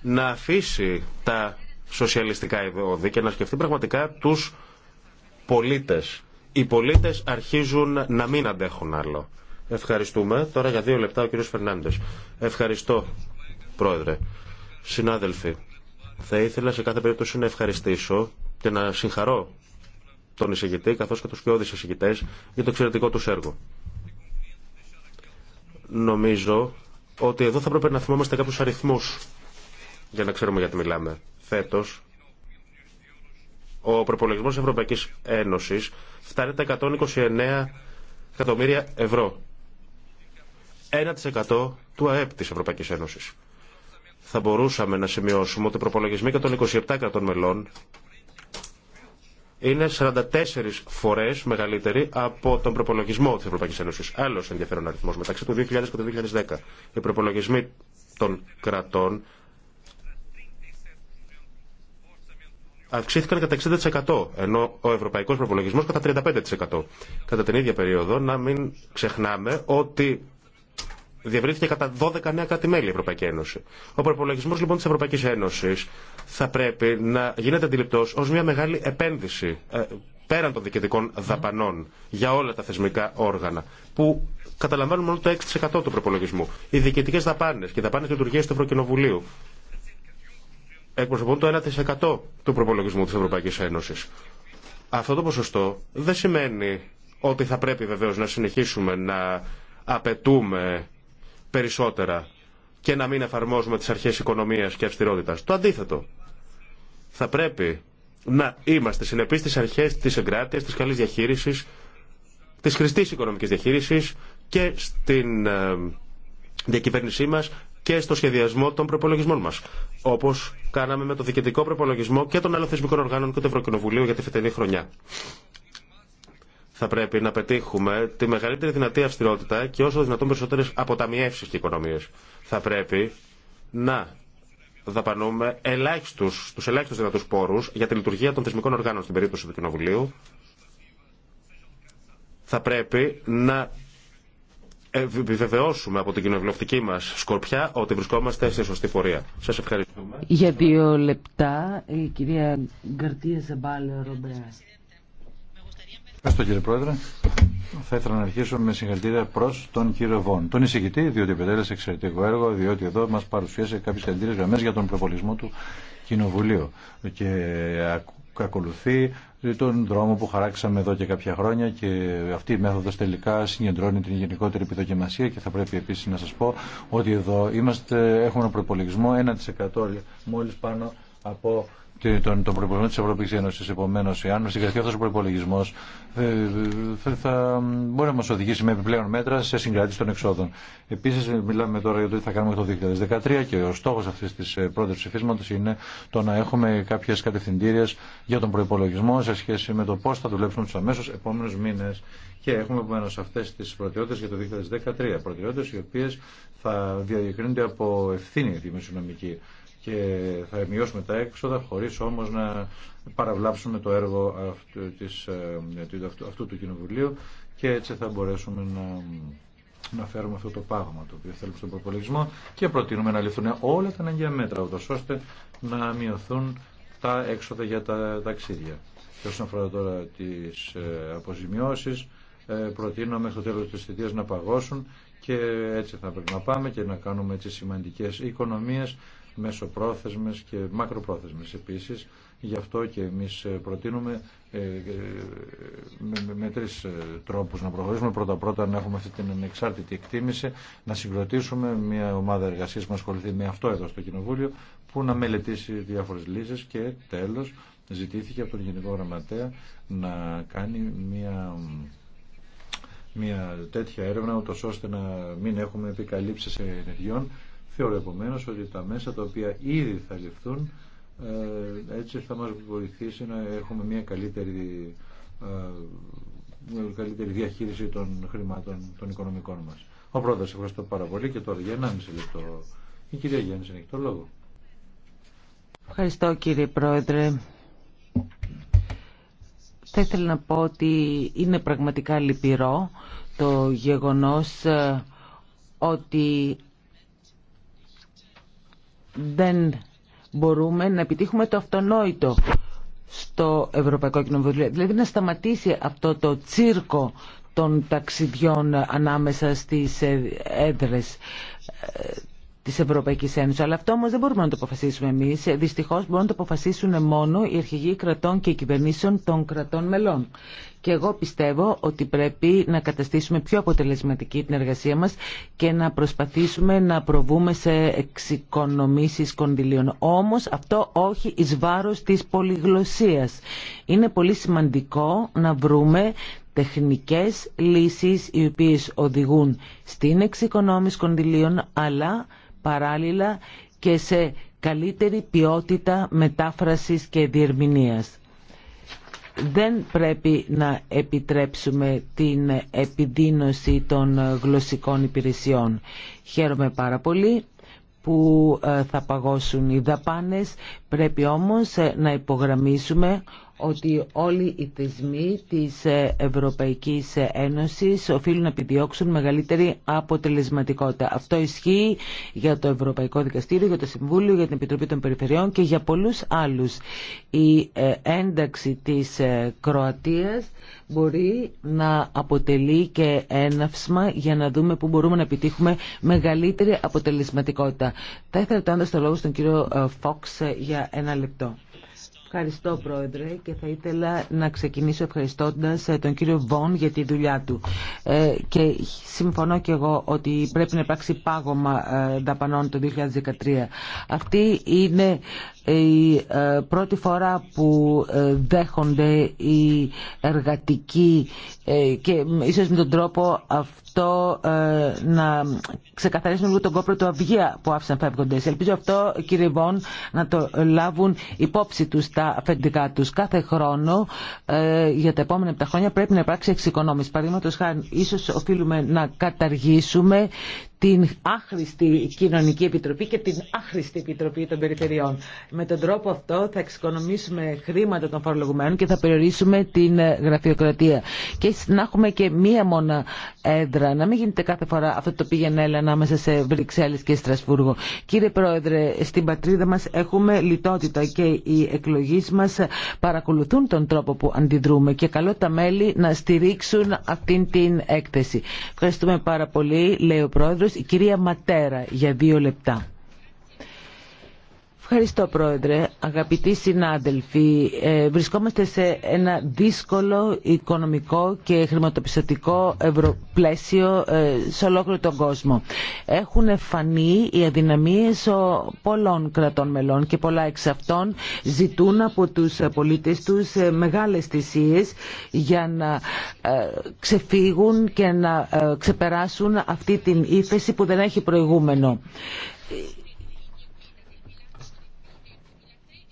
να αφήσει τα σοσιαλιστικά ιδεώδη και να σκεφτεί πραγματικά τους πολίτες. Οι πολίτες αρχίζουν να μην αντέχουν άλλο. Ευχαριστούμε. Τώρα για δύο λεπτά ο κύριος Φερνάντες. Ευχαριστώ, Πρόεδρε. Συνάδελφοι, θα ήθελα σε κάθε περίπτωση να ευχαριστήσω και να συγχαρώ τον εισηγητή καθώς και τους κοιόδης εισηγητές για το εξαιρετικό του έργο. Νομίζω ότι εδώ θα πρέπει να θυμόμαστε κάποιους αριθμούς για να ξέρουμε γιατί μιλάμε. Φέτος, ο προπολογισμό τη Ευρωπαϊκή Ένωση φτάνει τα 129 εκατομμύρια ευρώ. 1% του ΑΕΠ της Ευρωπαϊκής Ένωσης θα μπορούσαμε να σημειώσουμε ότι οι προπολογισμοί και των 27 κρατών μελών είναι 44 φορέ μεγαλύτεροι από τον προπολογισμό τη Ευρωπαϊκή Ένωσης. Άλλο ενδιαφέρον αριθμό μεταξύ του 2000 και του 2010. Οι προπολογισμοί των κρατών αυξήθηκαν κατά 60%, ενώ ο ευρωπαϊκό προπολογισμό κατά 35%. Κατά την ίδια περίοδο, να μην ξεχνάμε ότι διαβρύθηκε κατά 12 νέα κράτη-μέλη η Ευρωπαϊκή Ένωση. Ο προπολογισμό λοιπόν τη Ευρωπαϊκή Ένωση θα πρέπει να γίνεται αντιληπτό ω μια μεγάλη επένδυση ε, πέραν των διοικητικών δαπανών για όλα τα θεσμικά όργανα, που καταλαμβάνουν μόνο το 6% του προπολογισμού. Οι διοικητικέ δαπάνε και οι δαπάνε λειτουργία του Ευρωκοινοβουλίου εκπροσωπούν το 1% του προπολογισμού τη Ευρωπαϊκή Ένωση. Αυτό το ποσοστό δεν σημαίνει ότι θα πρέπει βεβαίω να συνεχίσουμε να απαιτούμε περισσότερα και να μην εφαρμόζουμε τις αρχές οικονομίας και αυστηρότητας. Το αντίθετο. Θα πρέπει να είμαστε συνεπείς στις αρχές της εγκράτειας, της καλής διαχείρισης, της χρηστής οικονομικής διαχείρισης και στην ε, διακυβέρνησή μας και στο σχεδιασμό των προπολογισμών μας. Όπως κάναμε με το διοικητικό προπολογισμό και των άλλων θεσμικών οργάνων και του Ευρωκοινοβουλίου για τη φετινή χρονιά θα πρέπει να πετύχουμε τη μεγαλύτερη δυνατή αυστηρότητα και όσο δυνατόν περισσότερε αποταμιεύσει και οικονομίε. Θα πρέπει να δαπανούμε του ελάχιστου ελάχιστους πόρου πόρους για τη λειτουργία των θεσμικών οργάνων στην περίπτωση του Κοινοβουλίου. Θα πρέπει να επιβεβαιώσουμε από την κοινοβουλευτική μα σκορπιά ότι βρισκόμαστε σε σωστή πορεία. Σα ευχαριστούμε. Για δύο λεπτά, η κυρία Γκαρτία Ζεμπάλε Ρομπέρα. Ευχαριστώ κύριε Πρόεδρε. Θα ήθελα να αρχίσω με συγχαρητήρια προ τον κύριο Βον. Τον εισηγητή, διότι επιτέλεσε εξαιρετικό έργο, διότι εδώ μα παρουσίασε κάποιε καλύτερε γραμμέ για τον προπολισμό του Κοινοβουλίου. Και ακολουθεί τον δρόμο που χαράξαμε εδώ και κάποια χρόνια και αυτή η μέθοδο τελικά συγκεντρώνει την γενικότερη επιδοκιμασία και θα πρέπει επίση να σα πω ότι εδώ είμαστε, έχουμε ένα προπολισμό 1% μόλι πάνω από τον, τον προπολογισμό της Ευρωπαϊκής Ένωσης. Επομένως, εάν συγκρατεί αυτός ο προπολογισμός, ε, θα, θα μπορεί να μας οδηγήσει με επιπλέον μέτρα σε συγκράτηση των εξόδων. Επίσης, μιλάμε τώρα για το τι θα κάνουμε το 2013 και ο στόχος αυτής της ε, πρώτης ψηφίσματος είναι το να έχουμε κάποιες κατευθυντήριες για τον προπολογισμό σε σχέση με το πώς θα δουλέψουμε τους αμέσως επόμενους μήνες. Και έχουμε επομένως αυτές τις προτεραιότητε για το 2013. Προτεραιότητε οι οποίε θα διακρίνονται από ευθύνη δημοσιονομική και θα μειώσουμε τα έξοδα χωρίς όμως να παραβλάψουμε το έργο ε, αυτού, αυτού του Κοινοβουλίου και έτσι θα μπορέσουμε να, να φέρουμε αυτό το πάγμα το οποίο θέλουμε στον προπολογισμό και προτείνουμε να ληφθούν όλα τα αναγκαία μέτρα ώστε να μειωθούν τα έξοδα για τα ταξίδια. Και όσον αφορά τώρα τις ε, αποζημιώσεις, ε, προτείνω μέχρι το τέλος της θητείας να παγώσουν και έτσι θα πρέπει να πάμε και να κάνουμε έτσι σημαντικές οικονομίες μεσοπρόθεσμες και μακροπρόθεσμες επίσης. Γι' αυτό και εμείς ε, προτείνουμε ε, ε, με τρεις τρόπους να προχωρήσουμε. Πρώτα-πρώτα να έχουμε αυτή την ανεξάρτητη εκτίμηση, να συγκροτήσουμε μια ομάδα εργασίας που ασχοληθεί με αυτό εδώ στο Κοινοβούλιο, που να μελετήσει διάφορες λύσεις και τέλος ζητήθηκε από τον Γενικό Γραμματέα να κάνει μια μια τέτοια έρευνα, ούτως ώστε να μην έχουμε επικαλύψεις ενεργειών Θεωρώ επομένω ότι τα μέσα τα οποία ήδη θα ληφθούν ε, έτσι θα μας βοηθήσει να έχουμε μια καλύτερη, ε, καλύτερη διαχείριση των χρημάτων των οικονομικών μας. Ο πρόεδρος, ευχαριστώ πάρα πολύ και τώρα για 1,5 λεπτό. Η κυρία Γιάννη έχει το λόγο. Ευχαριστώ κύριε Πρόεδρε. Θα ήθελα να πω ότι είναι πραγματικά λυπηρό το γεγονός ε, ότι δεν μπορούμε να επιτύχουμε το αυτονόητο στο Ευρωπαϊκό Κοινοβούλιο. Δηλαδή να σταματήσει αυτό το τσίρκο των ταξιδιών ανάμεσα στις ε, έδρες ε, της Ευρωπαϊκής Ένωσης. Αλλά αυτό όμως δεν μπορούμε να το αποφασίσουμε εμείς. Ε, δυστυχώς μπορούν να το αποφασίσουν μόνο οι αρχηγοί κρατών και κυβερνήσεων των κρατών μελών. Και εγώ πιστεύω ότι πρέπει να καταστήσουμε πιο αποτελεσματική την εργασία μας και να προσπαθήσουμε να προβούμε σε εξοικονομήσεις κονδυλίων. Όμως αυτό όχι εις βάρος της πολυγλωσσίας. Είναι πολύ σημαντικό να βρούμε τεχνικές λύσεις οι οποίες οδηγούν στην εξοικονόμηση κονδυλίων αλλά παράλληλα και σε καλύτερη ποιότητα μετάφρασης και διερμηνίας δεν πρέπει να επιτρέψουμε την επιδίνωση των γλωσσικών υπηρεσιών. Χαίρομαι πάρα πολύ που ε, θα παγώσουν οι δαπάνες. Πρέπει όμως ε, να υπογραμμίσουμε ότι όλοι οι θεσμοί της Ευρωπαϊκής Ένωσης οφείλουν να επιδιώξουν μεγαλύτερη αποτελεσματικότητα. Αυτό ισχύει για το Ευρωπαϊκό Δικαστήριο, για το Συμβούλιο, για την Επιτροπή των Περιφερειών και για πολλούς άλλους. Η ε, ένταξη της ε, Κροατίας μπορεί να αποτελεί και έναυσμα για να δούμε πού μπορούμε να επιτύχουμε μεγαλύτερη αποτελεσματικότητα. Θα ήθελα το στο λόγο στον κύριο ε, Φόξ για ένα λεπτό. Ευχαριστώ Πρόεδρε και θα ήθελα να ξεκινήσω ευχαριστώντας ε, τον κύριο Βον για τη δουλειά του. Ε, και συμφωνώ και εγώ ότι πρέπει να υπάρξει πάγωμα ε, δαπανών το 2013. Αυτή είναι η ε, πρώτη φορά που ε, δέχονται οι εργατικοί ε, και ίσως με τον τρόπο αυτό να ξεκαθαρίσουν λίγο τον κόπρο του αυγία που άφησαν φεύγοντες. Ελπίζω αυτό κύριε Βόν να το λάβουν υπόψη τους τα αφεντικά τους. Κάθε χρόνο για τα επόμενα 7 χρόνια πρέπει να υπάρξει εξοικονόμηση. Παραδείγματος χάρη ίσως οφείλουμε να καταργήσουμε την άχρηστη κοινωνική επιτροπή και την άχρηστη επιτροπή των περιφερειών. Με τον τρόπο αυτό θα εξοικονομήσουμε χρήματα των φορολογουμένων και θα περιορίσουμε την ε, γραφειοκρατία. Και να έχουμε και μία μόνα έδρα, να μην γίνεται κάθε φορά αυτό το πήγαινε έλα ανάμεσα σε Βρυξέλλες και Στρασβούργο. Κύριε Πρόεδρε, στην πατρίδα μας έχουμε λιτότητα και οι εκλογέ μας παρακολουθούν τον τρόπο που αντιδρούμε και καλό τα μέλη να στηρίξουν αυτή την έκθεση. Ευχαριστούμε πάρα πολύ, λέει ο Πρόεδρο η κυρία Ματέρα για δύο λεπτά. Ευχαριστώ Πρόεδρε. Αγαπητοί συνάδελφοι, ε, βρισκόμαστε σε ένα δύσκολο οικονομικό και χρηματοπιστωτικό πλαίσιο ε, σε ολόκληρο τον κόσμο. Έχουν φανεί οι αδυναμίες πολλών κρατών μελών και πολλά εξ αυτών ζητούν από τους πολίτες τους ε, μεγάλες θυσίε για να ξεφύγουν και να ξεπεράσουν αυτή την ύφεση που δεν έχει προηγούμενο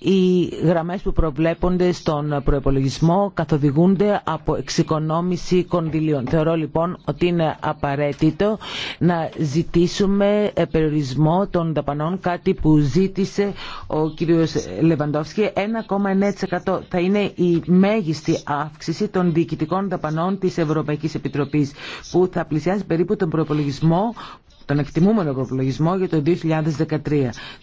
Οι γραμμές που προβλέπονται στον προϋπολογισμό καθοδηγούνται από εξοικονόμηση κονδυλίων. Θεωρώ λοιπόν ότι είναι απαραίτητο να ζητήσουμε ε, περιορισμό των δαπανών, κάτι που ζήτησε ο κύριος Λεβαντόφσκι, 1,9% θα είναι η μέγιστη αύξηση των διοικητικών δαπανών της Ευρωπαϊκής Επιτροπής, που θα πλησιάζει περίπου τον προπολογισμό τον εκτιμούμενο προπολογισμό για το 2013.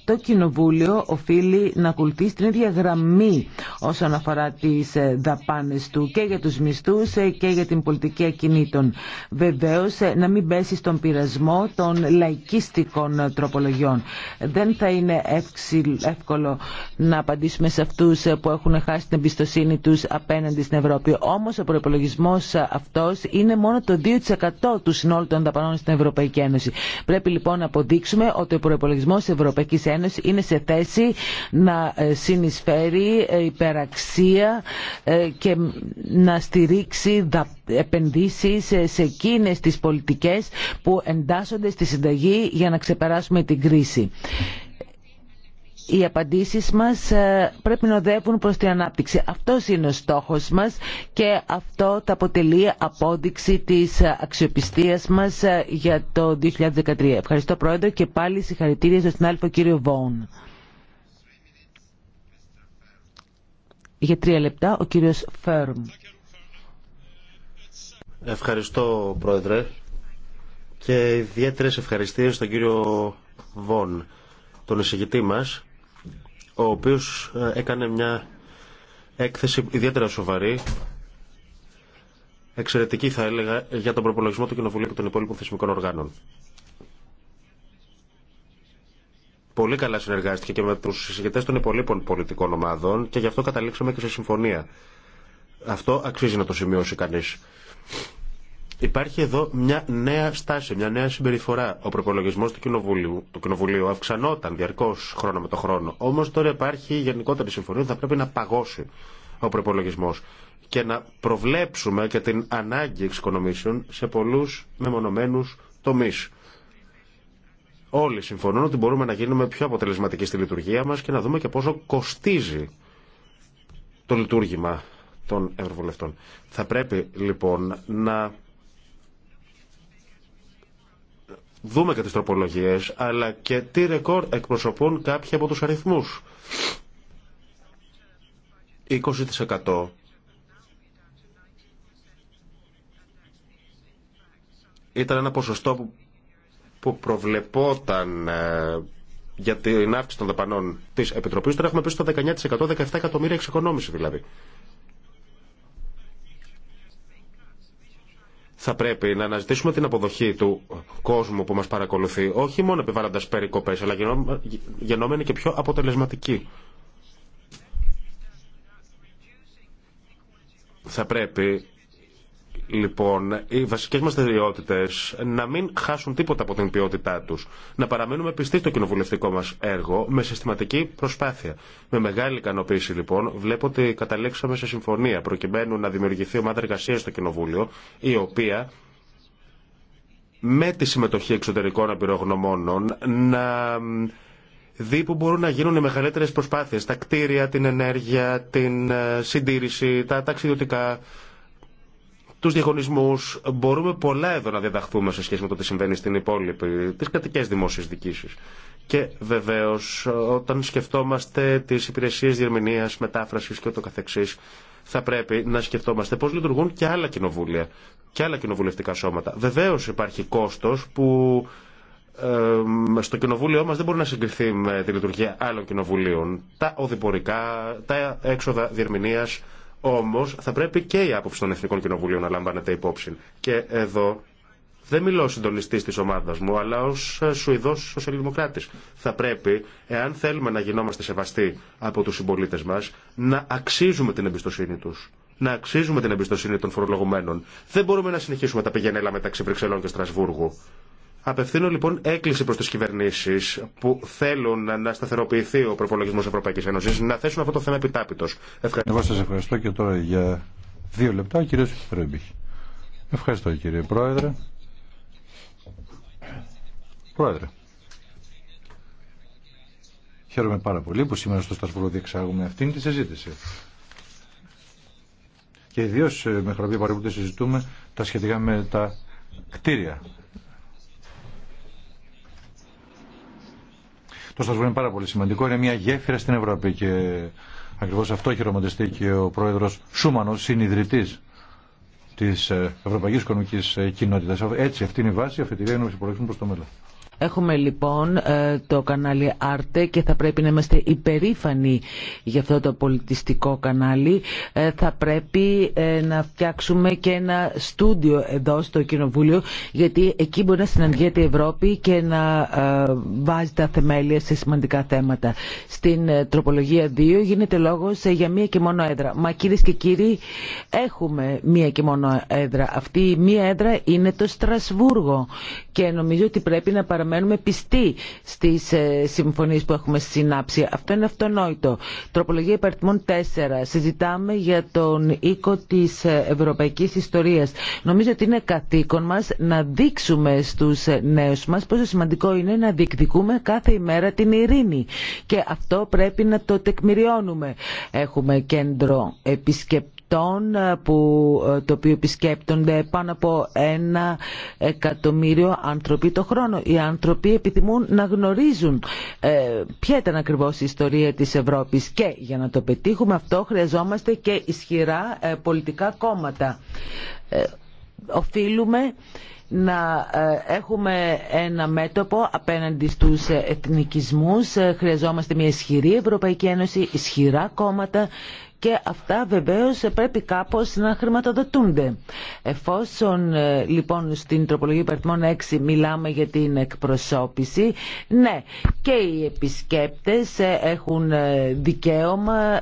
Το Κοινοβούλιο οφείλει να ακολουθεί στην ίδια γραμμή όσον αφορά τις ε, δαπάνες του και για τους μισθούς ε, και για την πολιτική ακινήτων. Βεβαίως ε, να μην πέσει στον πειρασμό των λαϊκίστικων τροπολογιών. Δεν θα είναι εύκολο να απαντήσουμε σε αυτούς που έχουν χάσει την εμπιστοσύνη τους απέναντι στην Ευρώπη. Όμως ο προπολογισμό αυτός είναι μόνο το 2% του συνόλου των δαπανών στην Ευρωπαϊκή Ένωση. Πρέπει λοιπόν να αποδείξουμε ότι ο προπολογισμό τη Ευρωπαϊκή Ένωση είναι σε θέση να ε, συνεισφέρει ε, υπεραξία ε, και να στηρίξει επενδύσει σε εκείνε τι πολιτικέ που εντάσσονται στη συνταγή για να ξεπεράσουμε την κρίση οι απαντήσεις μας ε, πρέπει να οδεύουν προς την ανάπτυξη. Αυτός είναι ο στόχος μας και αυτό θα αποτελεί απόδειξη της αξιοπιστίας μας ε, για το 2013. Ευχαριστώ Πρόεδρε και πάλι συγχαρητήρια στον άλφο κύριο Βόν. Για τρία λεπτά ο κύριος Φέρμ. Ευχαριστώ Πρόεδρε και ιδιαίτερες ευχαριστίες στον κύριο Βόν, τον εισηγητή μας ο οποίος ε, έκανε μια έκθεση ιδιαίτερα σοβαρή, εξαιρετική θα έλεγα, για τον προπολογισμό του Κοινοβουλίου και των υπόλοιπων θεσμικών οργάνων. Πολύ καλά συνεργάστηκε και με τους συζητητές των υπολείπων πολιτικών ομάδων και γι' αυτό καταλήξαμε και σε συμφωνία. Αυτό αξίζει να το σημειώσει κανείς. Υπάρχει εδώ μια νέα στάση, μια νέα συμπεριφορά. Ο προπολογισμό του κοινοβουλίου, του κοινοβουλίου αυξανόταν διαρκώ χρόνο με το χρόνο. Όμω τώρα υπάρχει η γενικότερη συμφωνία ότι θα πρέπει να παγώσει ο προπολογισμό και να προβλέψουμε και την ανάγκη εξοικονομήσεων σε πολλού μεμονωμένου τομεί. Όλοι συμφωνούν ότι μπορούμε να γίνουμε πιο αποτελεσματικοί στη λειτουργία μα και να δούμε και πόσο κοστίζει το λειτουργήμα των Ευρωβουλευτών. Θα πρέπει λοιπόν να δούμε και τις τροπολογίες, αλλά και τι ρεκόρ εκπροσωπούν κάποιοι από τους αριθμούς. 20% ήταν ένα ποσοστό που προβλεπόταν ε, για την αύξηση των δαπανών της Επιτροπής. Τώρα έχουμε πει στο 19% 17 εκατομμύρια εξοικονόμηση δηλαδή. θα πρέπει να αναζητήσουμε την αποδοχή του κόσμου που μας παρακολουθεί, όχι μόνο επιβάλλοντας περικοπές, αλλά γεννόμενοι και πιο αποτελεσματικοί. Θα πρέπει λοιπόν οι βασικέ μα δραστηριότητε να μην χάσουν τίποτα από την ποιότητά του. Να παραμείνουμε πιστοί στο κοινοβουλευτικό μα έργο με συστηματική προσπάθεια. Με μεγάλη ικανοποίηση λοιπόν βλέπω ότι καταλήξαμε σε συμφωνία προκειμένου να δημιουργηθεί ομάδα εργασία στο Κοινοβούλιο η οποία με τη συμμετοχή εξωτερικών απειρογνωμόνων να δει που μπορούν να γίνουν οι μεγαλύτερε προσπάθειε. Τα κτίρια, την ενέργεια, την ε, συντήρηση, τα ταξιδιωτικά τους διαγωνισμούς μπορούμε πολλά εδώ να διαταχθούμε σε σχέση με το τι συμβαίνει στην υπόλοιπη, τις κρατικές δημόσιες δικήσεις. Και βεβαίως όταν σκεφτόμαστε τις υπηρεσίες διερμηνίας, μετάφρασης και ούτω καθεξής, θα πρέπει να σκεφτόμαστε πώς λειτουργούν και άλλα κοινοβούλια και άλλα κοινοβουλευτικά σώματα. Βεβαίως υπάρχει κόστος που στο κοινοβούλιο μας δεν μπορεί να συγκριθεί με τη λειτουργία άλλων κοινοβουλίων. Τα οδηπορικά, τα έξοδα διερμηνίας, Όμω θα πρέπει και η άποψη των Εθνικών Κοινοβουλίων να λαμβάνεται υπόψη. Και εδώ δεν μιλώ συντονιστή τη ομάδα μου, αλλά ω ε, Σουηδό Σοσιαλδημοκράτη. Θα πρέπει, εάν θέλουμε να γινόμαστε σεβαστοί από του συμπολίτε μα, να αξίζουμε την εμπιστοσύνη του. Να αξίζουμε την εμπιστοσύνη των φορολογουμένων. Δεν μπορούμε να συνεχίσουμε τα πηγενέλα μεταξύ Βρυξελών και Στρασβούργου. Απευθύνω λοιπόν έκκληση προ τι κυβερνήσει που θέλουν να σταθεροποιηθεί ο προπολογισμό Ευρωπαϊκή Ένωση να θέσουν αυτό το θέμα επιτάπητο. Εγώ σα ευχαριστώ και τώρα για δύο λεπτά ο κύριο Ευχαριστώ κύριε Πρόεδρε. Πρόεδρε. Χαίρομαι πάρα πολύ που σήμερα στο Στασβούργο διεξάγουμε αυτήν τη συζήτηση. Και ιδίω ε, με χαρακτήρα που συζητούμε τα σχετικά με τα κτίρια Το Στρασβούργο είναι πάρα πολύ σημαντικό. Είναι μια γέφυρα στην Ευρώπη και ακριβώς αυτό ρομαντιστεί και ο πρόεδρος Σούμανος, συνειδητής της Ευρωπαϊκής Οικονομικής Κοινότητας. Έτσι, αυτή είναι η βάση, αυτή τη διάγνωση που προς το μέλλον. Έχουμε λοιπόν ε, το κανάλι Άρτε και θα πρέπει να είμαστε υπερήφανοι για αυτό το πολιτιστικό κανάλι. Ε, θα πρέπει ε, να φτιάξουμε και ένα στούντιο εδώ στο Κοινοβούλιο γιατί εκεί μπορεί να συναντιέται η Ευρώπη και να βάζει τα θεμέλια σε σημαντικά θέματα. Στην τροπολογία 2 γίνεται λόγος για μία και μόνο έδρα. Μα κυρίε και κύριοι έχουμε μία και μόνο έδρα. Αυτή η μία έδρα είναι το Στρασβούργο και νομίζω ότι πρέπει να παραμείνουμε Μένουμε πιστοί στις ε, συμφωνίες που έχουμε συνάψει. Αυτό είναι αυτονόητο. Τροπολογία υπαρτιμών 4. Συζητάμε για τον οίκο της ε, ευρωπαϊκής ιστορίας. Νομίζω ότι είναι καθήκον μας να δείξουμε στους ε, νέους μας πόσο σημαντικό είναι να διεκδικούμε κάθε ημέρα την ειρήνη. Και αυτό πρέπει να το τεκμηριώνουμε. Έχουμε κέντρο επισκεπτών ε, που, ε, το οποίο επισκέπτονται πάνω από ένα εκατομμύριο άνθρωποι το χρόνο. Οι άνθρωποι επιθυμούν να γνωρίζουν ε, ποια ήταν ακριβώς η ιστορία της Ευρώπης και για να το πετύχουμε αυτό χρειαζόμαστε και ισχυρά πολιτικά κόμματα. οφείλουμε να έχουμε ένα μέτωπο απέναντι στους εθνικισμούς. Χρειαζόμαστε μια ισχυρή Ευρωπαϊκή Ένωση, ισχυρά κόμματα και αυτά βεβαίως πρέπει κάπως να χρηματοδοτούνται. Εφόσον ε, λοιπόν στην τροπολογία υπαριθμών 6 μιλάμε για την εκπροσώπηση, ναι και οι επισκέπτες ε, έχουν ε, δικαίωμα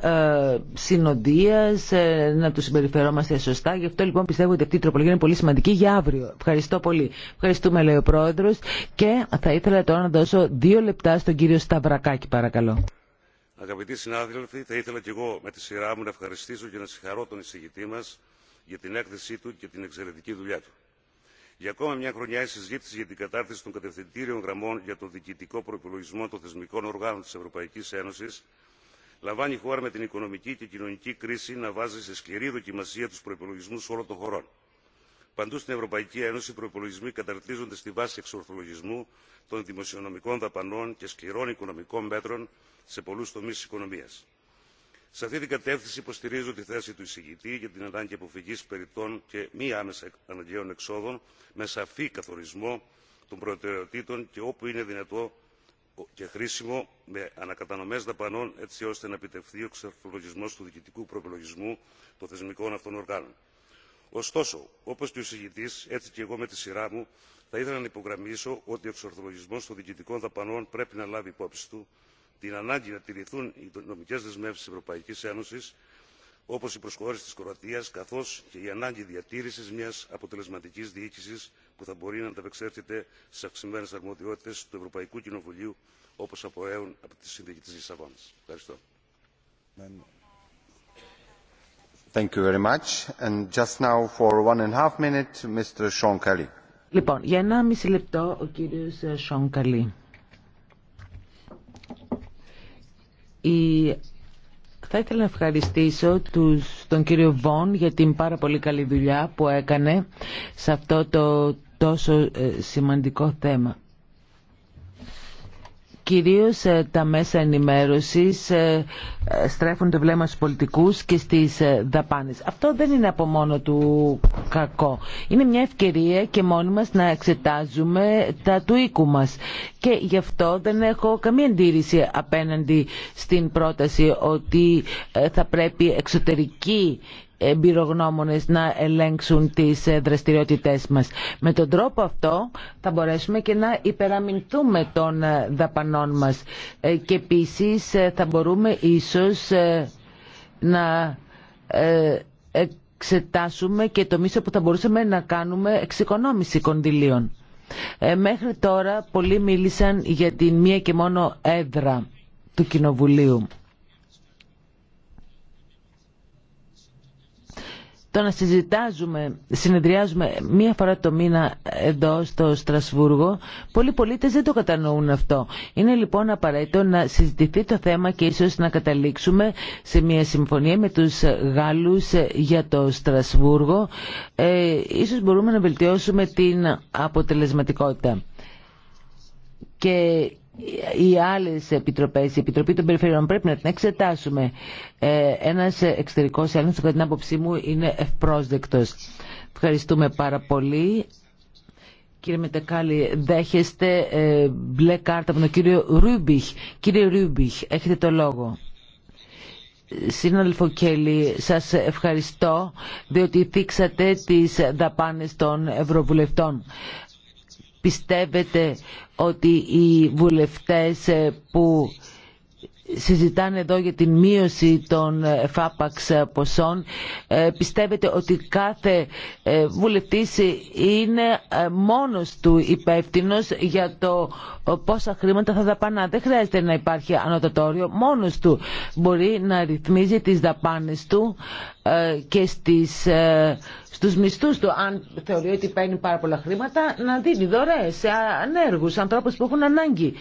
συνοδείας να τους συμπεριφερόμαστε σωστά. Γι' αυτό λοιπόν πιστεύω ότι αυτή η τροπολογία είναι πολύ σημαντική για αύριο. Ευχαριστώ πολύ. Ευχαριστούμε λέει ο Πρόεδρος και θα ήθελα τώρα να δώσω δύο λεπτά στον κύριο Σταυρακάκη παρακαλώ. Αγαπητοί συνάδελφοι, θα ήθελα και εγώ με τη σειρά μου να ευχαριστήσω και να συγχαρώ τον εισηγητή μα για την έκθεσή του και την εξαιρετική δουλειά του. Για ακόμα μια χρονιά η συζήτηση για την κατάρτιση των κατευθυντήριων γραμμών για το διοικητικό προπολογισμό των θεσμικών οργάνων τη Ευρωπαϊκή Ένωση λαμβάνει η χώρα με την οικονομική και κοινωνική κρίση να βάζει σε σκληρή δοκιμασία του προπολογισμού όλων των χωρών παντού στην ευρωπαϊκή ένωση οι προπολογισμοί καταρτίζονται στη βάση εξορθολογισμού των δημοσιονομικών δαπανών και σκληρών οικονομικών μέτρων σε πολλού τομεί τη οικονομία. σε αυτή την κατεύθυνση υποστηρίζω τη θέση του εισηγητή για την ανάγκη αποφυγή περιττών και μη άμεσα αναγκαίων εξόδων με σαφή καθορισμό των προτεραιοτήτων και όπου είναι δυνατό και χρήσιμο με ανακατανομέ δαπανών έτσι ώστε να επιτευχθεί ο εξορθολογισμό του διοικητικού προπολογισμού των θεσμικών αυτών οργάνων ωστόσο όπω και ο συγητή, έτσι και εγώ με τη σειρά μου θα ήθελα να υπογραμμίσω ότι ο εξορθολογισμό των διοικητικών δαπανών πρέπει να λάβει υπόψη του την ανάγκη να τηρηθούν οι νομικέ δεσμεύσει τη ευρωπαϊκή ένωση όπω η προσχώρηση τη κροατία καθώ και η ανάγκη διατήρηση μια αποτελεσματική διοίκηση που θα μπορεί να ανταπεξέλθεται στι αυξημένε αρμοδιότητε του ευρωπαϊκού κοινοβουλίου όπω απορρέουν από τη συνθήκη τη λισαβόνα. Λοιπόν, για ένα μισή λεπτό ο κύριος Σον ε, Καλή. Θα ήθελα να ευχαριστήσω τον κύριο Βον για την πάρα πολύ καλή δουλειά που έκανε σε αυτό το τόσο ε, σημαντικό θέμα. Κυρίως ε, τα μέσα ενημέρωσης ε, ε, στρέφουν το βλέμμα στους πολιτικούς και στις δαπάνες. Αυτό δεν είναι από μόνο του κακό. Είναι μια ευκαιρία και μόνοι μας να εξετάζουμε τα του οίκου μας. Και γι' αυτό δεν έχω καμία αντίρρηση απέναντι στην πρόταση ότι θα πρέπει εξωτερική εμπειρογνώμονες να ελέγξουν τις ε, δραστηριότητές μας. Με τον τρόπο αυτό θα μπορέσουμε και να υπεραμεινθούμε των ε, δαπανών μας ε, και επίσης θα μπορούμε ίσως να εξετάσουμε και το μίσο που θα μπορούσαμε να κάνουμε εξοικονόμηση κονδυλίων. Μέχρι τώρα πολλοί μίλησαν για την μία και μόνο έδρα του Κοινοβουλίου. το να συζητάζουμε, συνεδριάζουμε μία φορά το μήνα εδώ στο Στρασβούργο, πολλοί πολίτες δεν το κατανοούν αυτό. Είναι λοιπόν απαραίτητο να συζητηθεί το θέμα και ίσως να καταλήξουμε σε μία συμφωνία με τους Γάλλους για το Στρασβούργο. Ε, ίσως μπορούμε να βελτιώσουμε την αποτελεσματικότητα. Και οι άλλες επιτροπές, η Επιτροπή των Περιφερειών πρέπει να την εξετάσουμε. Ε, ένας εξωτερικός έλεγχος, κατά την άποψή μου, είναι ευπρόσδεκτος. Ευχαριστούμε πάρα πολύ. Κύριε Μετεκάλη, δέχεστε ε, μπλε κάρτα από τον κύριο Ρούμπιχ. Κύριε Ρούμπιχ, έχετε το λόγο. Σύνολο Κέλλη, σας ευχαριστώ διότι θίξατε τις δαπάνες των Ευρωβουλευτών. Πιστεύετε ότι οι βουλευτές που συζητάνε εδώ για την μείωση των ε, φάπαξ ε, ποσών. Ε, πιστεύετε ότι κάθε βουλευτής είναι μόνος του υπεύθυνο για το πόσα χρήματα θα δαπανά. Δεν χρειάζεται να υπάρχει ανωτατόριο. Μόνος του μπορεί να ρυθμίζει τις δαπάνες του και στις, στους μισθούς του. Αν θεωρεί ότι παίρνει πάρα πολλά χρήματα, να δίνει δωρεές σε ανέργους, ανθρώπους που έχουν ανάγκη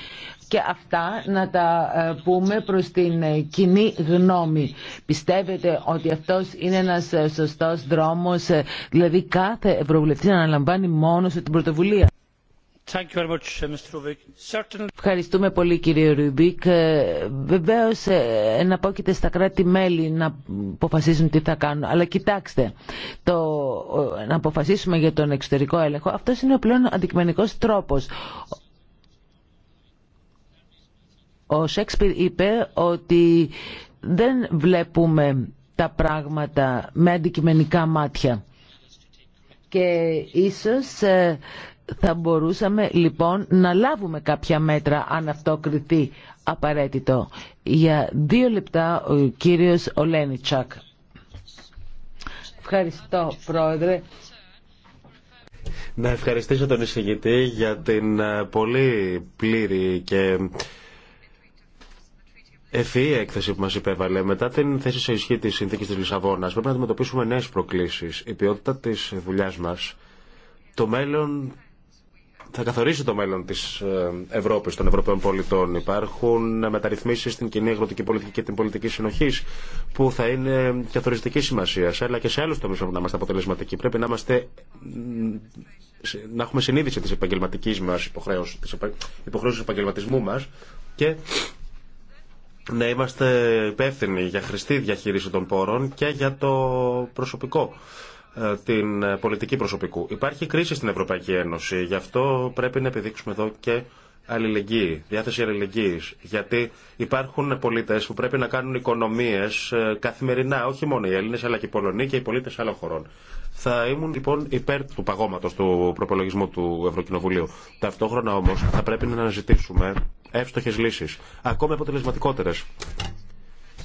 και αυτά να τα ε, πούμε προς την ε, κοινή γνώμη. Πιστεύετε ότι αυτός είναι ένας ε, σωστός δρόμος, δηλαδή κάθε ευρωβουλευτή να αναλαμβάνει μόνος την πρωτοβουλία. Ευχαριστούμε πολύ κύριε Ρουμπίκ. Βεβαίω εναπόκειται στα κράτη-μέλη να αποφασίσουν τι θα κάνουν. Αλλά κοιτάξτε, το, να αποφασίσουμε για τον εξωτερικό έλεγχο, αυτό είναι ο πλέον αντικειμενικό τρόπο. Ο Σέξπιρ είπε ότι δεν βλέπουμε τα πράγματα με αντικειμενικά μάτια. Και ίσως ε, θα μπορούσαμε λοιπόν να λάβουμε κάποια μέτρα αν αυτό κριθεί απαραίτητο. Για δύο λεπτά ο κύριος Ολένιτσακ. Ευχαριστώ πρόεδρε. Να ευχαριστήσω τον εισηγητή για την ε, πολύ πλήρη και ευφυή έκθεση που μα υπέβαλε μετά την θέση σε ισχύ τη συνθήκη τη Λισαβόνα. Πρέπει να αντιμετωπίσουμε νέε προκλήσει. Η ποιότητα τη δουλειά μα, το μέλλον θα καθορίσει το μέλλον τη ε, Ευρώπη των Ευρωπαίων πολιτών. Υπάρχουν μεταρρυθμίσεις στην κοινή αγροτική πολιτική και την πολιτική συνοχή που θα είναι καθοριστική σημασία, αλλά και σε άλλους τομεί όπου να είμαστε αποτελεσματικοί. Πρέπει να είμαστε να έχουμε συνείδηση της επαγγελματικής μας υποχρέωσης, της επαγγελματισμού μας και να είμαστε υπεύθυνοι για χρηστή διαχείριση των πόρων και για το προσωπικό ε, την ε, πολιτική προσωπικού. Υπάρχει κρίση στην Ευρωπαϊκή Ένωση, γι' αυτό πρέπει να επιδείξουμε εδώ και αλληλεγγύη, διάθεση αλληλεγγύης, γιατί υπάρχουν πολίτες που πρέπει να κάνουν οικονομίες ε, καθημερινά, όχι μόνο οι Έλληνες, αλλά και οι Πολωνοί και οι πολίτες άλλων χωρών. Θα ήμουν λοιπόν υπέρ του παγώματος του προπολογισμού του Ευρωκοινοβουλίου. Ταυτόχρονα όμως θα πρέπει να αναζητήσουμε εύστοχε λύσει, ακόμη αποτελεσματικότερε.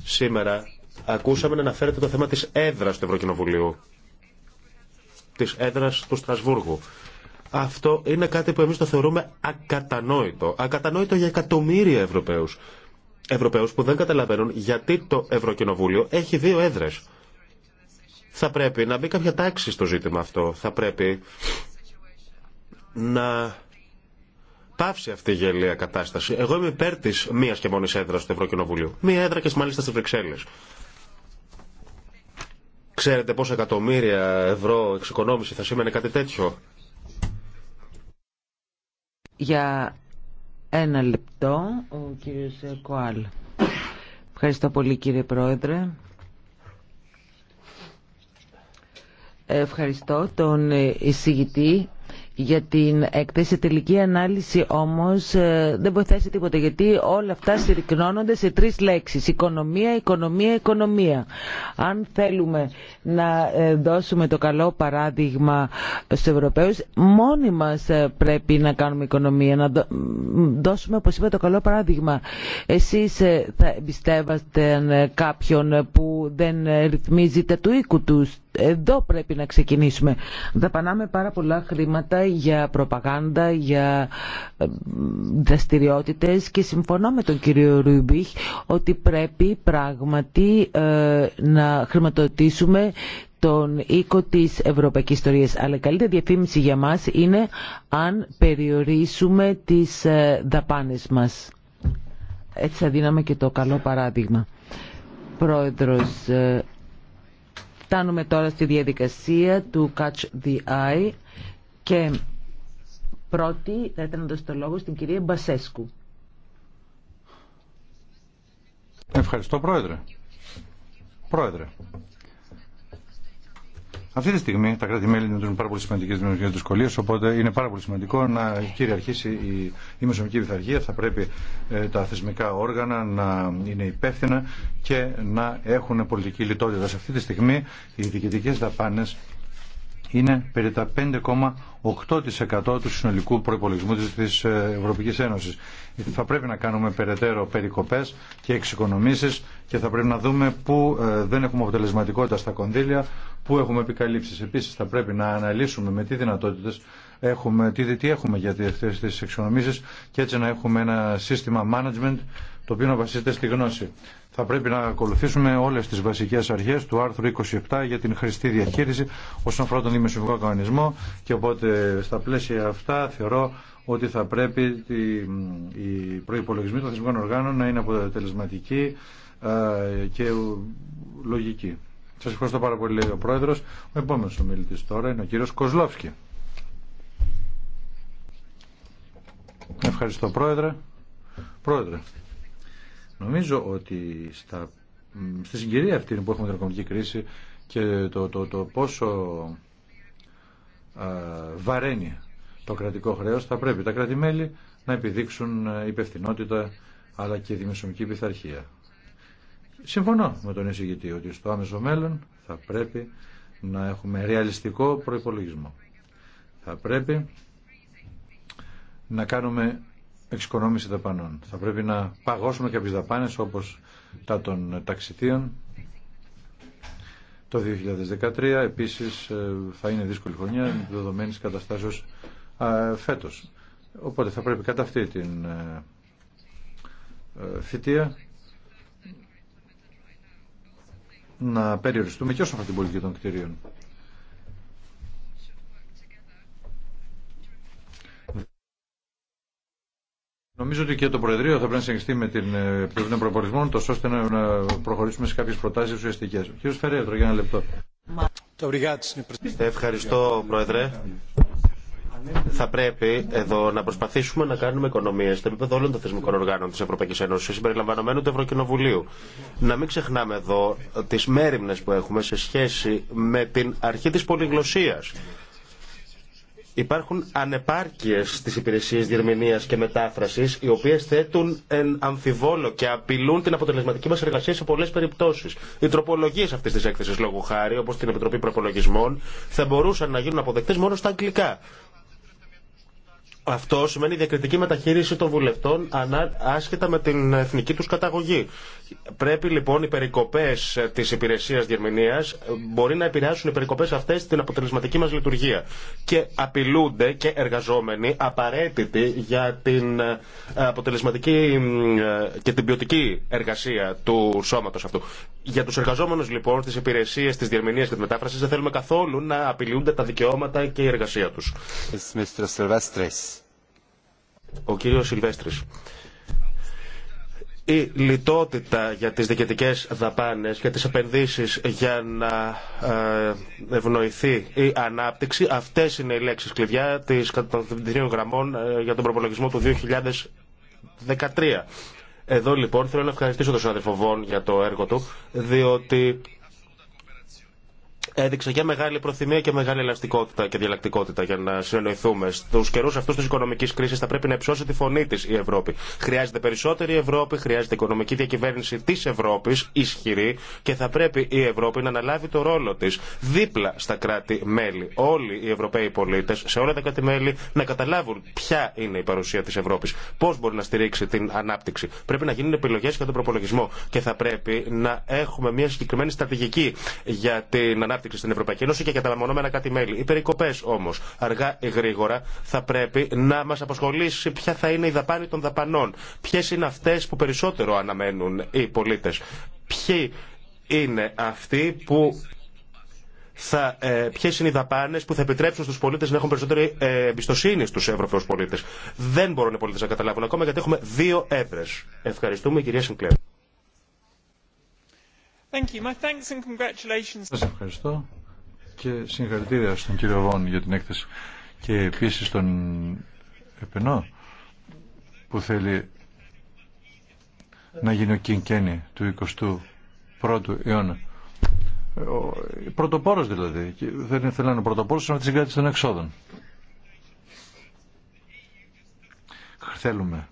Σήμερα ακούσαμε να αναφέρεται το θέμα τη έδρα του Ευρωκοινοβουλίου, τη έδρα του Στρασβούργου. Αυτό είναι κάτι που εμεί το θεωρούμε ακατανόητο. Ακατανόητο για εκατομμύρια Ευρωπαίου. Ευρωπαίου που δεν καταλαβαίνουν γιατί το Ευρωκοινοβούλιο έχει δύο έδρε. Θα πρέπει να μπει κάποια τάξη στο ζήτημα αυτό. Θα πρέπει να πάυσει αυτή η γελία κατάσταση. Εγώ είμαι υπέρ τη μία και μόνη έδρα του Ευρωκοινοβουλίου. Μία έδρα και μάλιστα στι Βρυξέλλε. Ξέρετε πόσα εκατομμύρια ευρώ εξοικονόμηση θα σήμαινε κάτι τέτοιο. Για ένα λεπτό, ο κύριος Κοάλ. Ευχαριστώ πολύ κύριε Πρόεδρε. Ευχαριστώ τον εισηγητή για την έκθεση τελική ανάλυση όμως ε, δεν βοηθάει σε τίποτα γιατί όλα αυτά συρρυκνώνονται σε τρεις λέξεις. Οικονομία, οικονομία, οικονομία. Αν θέλουμε να ε, δώσουμε το καλό παράδειγμα στους Ευρωπαίους μόνοι μας ε, πρέπει να κάνουμε οικονομία, να δώσουμε όπως είπα το καλό παράδειγμα. Εσείς θα εμπιστεύαστε κάποιον που δεν ρυθμίζει του οίκου τους εδώ πρέπει να ξεκινήσουμε. Δαπανάμε πάρα πολλά χρήματα για προπαγάνδα, για ε, δραστηριότητε και συμφωνώ με τον κύριο Ρούμπιχ ότι πρέπει πράγματι ε, να χρηματοδοτήσουμε τον οίκο της Ευρωπαϊκής Ιστορίας. Αλλά καλύτερη διαφήμιση για μας είναι αν περιορίσουμε τις ε, δαπάνες μας. Έτσι θα δίναμε και το καλό παράδειγμα. Πρόεδρος, Φτάνουμε τώρα στη διαδικασία του Catch the Eye και πρώτη θα ήθελα να δώσω το λόγο στην κυρία Μπασέσκου. Ευχαριστώ Πρόεδρε. Πρόεδρε, αυτή τη στιγμή τα κράτη-μέλη είναι πάρα πολύ σημαντικέ δημιουργικέ δυσκολίε, οπότε είναι πάρα πολύ σημαντικό να κυριαρχήσει η, η μεσομική Θα πρέπει ε, τα θεσμικά όργανα να είναι υπεύθυνα και να έχουν πολιτική λιτότητα. Σε αυτή τη στιγμή οι διοικητικέ δαπάνε είναι περί τα 5,8% του συνολικού προπολογισμού της ε, Ευρωπαϊκής Ένωσης. Θα πρέπει να κάνουμε περαιτέρω περικοπές και εξοικονομήσεις και θα πρέπει να δούμε πού ε, δεν έχουμε αποτελεσματικότητα στα κονδύλια, πού έχουμε επικαλύψεις. Επίσης θα πρέπει να αναλύσουμε με τι δυνατότητες έχουμε, τι, έχουμε για τις εξοικονομήσεις και έτσι να έχουμε ένα σύστημα management το οποίο βασίζεται στη γνώση. Θα πρέπει να ακολουθήσουμε όλε τι βασικέ αρχέ του άρθρου 27 για την χρηστή διαχείριση όσον αφορά τον δημιουργικό κανονισμό και οπότε στα πλαίσια αυτά θεωρώ ότι θα πρέπει οι προπολογισμοί των θεσμικών οργάνων να είναι αποτελεσματικοί και λογικοί. Σα ευχαριστώ πάρα πολύ, λέει ο Πρόεδρο. Ο επόμενο ομιλητή τώρα είναι ο κύριο Κοσλόφσκι. Ευχαριστώ, Πρόεδρε. Πρόεδρε. Νομίζω ότι στα, στη συγκυρία αυτή που έχουμε την οικονομική κρίση και το, το, το πόσο α, βαραίνει το κρατικό χρέος θα πρέπει τα κρατημέλη να επιδείξουν ε, υπευθυνότητα αλλά και δημοσιονομική πειθαρχία. Συμφωνώ με τον εισηγητή ότι στο άμεσο μέλλον θα πρέπει να έχουμε ρεαλιστικό προϋπολογισμό. Θα πρέπει να κάνουμε εξοικονόμηση δαπανών. Θα πρέπει να παγώσουμε κάποιες δαπάνες όπως τα των ταξιτίων. Το 2013 επίσης ε, θα είναι δύσκολη χρονιά δεδομένης καταστάσεως φέτος. Οπότε θα πρέπει κατά αυτή την ε, ε, θητεία να περιοριστούμε και όσον αφορά την πολιτική των κτηρίων. Νομίζω ότι και το Προεδρείο θα πρέπει να συνεχιστεί με την ε, πλευρά των Προπορισμών, τόσο ώστε να προχωρήσουμε σε κάποιε προτάσει ουσιαστικέ. Κύριο Φερέτρο, για ένα λεπτό. Ευχαριστώ, Πρόεδρε. Θα πρέπει εδώ να προσπαθήσουμε να κάνουμε οικονομίε στο επίπεδο όλων των θεσμικών οργάνων τη Ευρωπαϊκή Ένωση, συμπεριλαμβανομένου του Ευρωκοινοβουλίου. Να μην ξεχνάμε εδώ τι μέρημνε που έχουμε σε σχέση με την αρχή τη πολυγλωσία Υπάρχουν ανεπάρκειες στις υπηρεσίες διερμηνείας και μετάφρασης, οι οποίες θέτουν εν αμφιβόλο και απειλούν την αποτελεσματική μας εργασία σε πολλές περιπτώσεις. Οι τροπολογίες αυτής της έκθεσης λόγου χάρη, όπως την Επιτροπή Προπολογισμών, θα μπορούσαν να γίνουν αποδεκτές μόνο στα αγγλικά. Αυτό σημαίνει διακριτική μεταχείριση των βουλευτών άσχετα με την εθνική τους καταγωγή. Πρέπει λοιπόν οι περικοπέ τη υπηρεσία διερμηνία ε, μπορεί να επηρεάσουν οι περικοπέ αυτέ την αποτελεσματική μα λειτουργία. Και απειλούνται και εργαζόμενοι απαραίτητοι για την ε, αποτελεσματική ε, και την ποιοτική εργασία του σώματο αυτού. Για του εργαζόμενου λοιπόν στι υπηρεσίε τη διερμηνία και τη μετάφραση δεν θέλουμε καθόλου να απειλούνται τα δικαιώματα και η εργασία του. Ο κύριο Σιλβέστρη η λιτότητα για τις διοικητικές δαπάνες και τις επενδύσεις για να ε, ευνοηθεί η ανάπτυξη αυτές είναι οι λέξεις κλειδιά της κατευθυντηρίων γραμμών ε, για τον προπολογισμό του 2013. Εδώ λοιπόν θέλω να ευχαριστήσω τον συνάδελφο Βόν για το έργο του διότι έδειξε για μεγάλη προθυμία και μεγάλη ελαστικότητα και διαλλακτικότητα για να συνεννοηθούμε. Στου καιρού αυτού τη οικονομική κρίση θα πρέπει να υψώσει τη φωνή τη η Ευρώπη. Χρειάζεται περισσότερη Ευρώπη, χρειάζεται οικονομική διακυβέρνηση τη Ευρώπη ισχυρή και θα πρέπει η Ευρώπη να αναλάβει το ρόλο τη δίπλα στα κράτη-μέλη. Όλοι οι Ευρωπαίοι πολίτε σε όλα τα κράτη-μέλη να καταλάβουν ποια είναι η παρουσία τη Ευρώπη, πώ μπορεί να στηρίξει την ανάπτυξη. Πρέπει να γίνουν επιλογέ για τον προπολογισμό και θα πρέπει να έχουμε μια συγκεκριμένη στρατηγική για την ανάπτυξη ανάπτυξη στην Ευρωπαϊκή Ένωση και για τα μεμονωμένα κάτι μέλη. Οι περικοπέ όμω, αργά ή γρήγορα, θα πρέπει να μα απασχολήσει ποια θα είναι η δαπάνη των δαπανών. Ποιε είναι αυτέ που περισσότερο αναμένουν οι πολίτε. Ποιοι είναι αυτοί που θα, ε, ποιες είναι οι δαπάνες που θα επιτρέψουν στους πολίτες να έχουν περισσότερη ε, εμπιστοσύνη στους Ευρωπαίους πολίτες. Δεν μπορούν οι πολίτες να καταλάβουν ακόμα γιατί έχουμε δύο έδρες. Ευχαριστούμε κυρία Σινκλέρ. Σας ευχαριστώ και συγχαρητήρια στον κύριο Βόν για την έκθεση και επίσης τον Επενό που θέλει να γίνει ο Κινκένι του 21ου αιώνα. Ο πρωτοπόρος δηλαδή. Δεν ήθελα να είναι πρωτοπόρος, αλλά τη συγκράτηση των εξόδων. Θέλουμε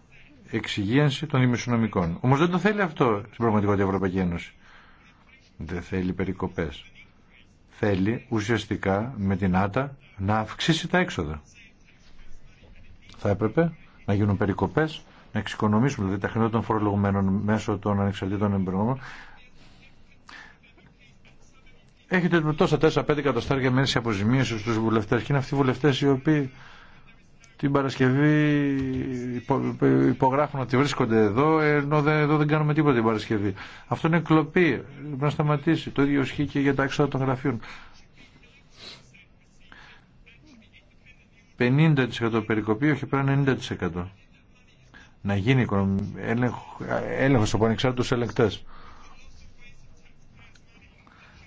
εξυγίανση των ημισονομικών. Όμως δεν το θέλει αυτό στην πραγματικότητα η Ευρωπαϊκή Ένωση δεν θέλει περικοπές. Θέλει ουσιαστικά με την άτα να αυξήσει τα έξοδα. Θα έπρεπε να γίνουν περικοπές, να εξοικονομήσουμε δηλαδή τα χρήματα των φορολογουμένων μέσω των ανεξαρτήτων εμπειρογνώμων. Έχετε τόσα 4-5 καταστάρια μέσα σε αποζημίωση στους βουλευτές και είναι αυτοί οι βουλευτές οι οποίοι την Παρασκευή υπογράφουν ότι βρίσκονται εδώ, ενώ δεν, εδώ δεν κάνουμε τίποτα την Παρασκευή. Αυτό είναι κλοπή. Πρέπει να σταματήσει. Το ίδιο ισχύει και για τα έξοδα των γραφείων. 50% περικοπή, όχι πέρα 90%. Να γίνει έλεγχος από ανεξάρτητου ελεγκτές.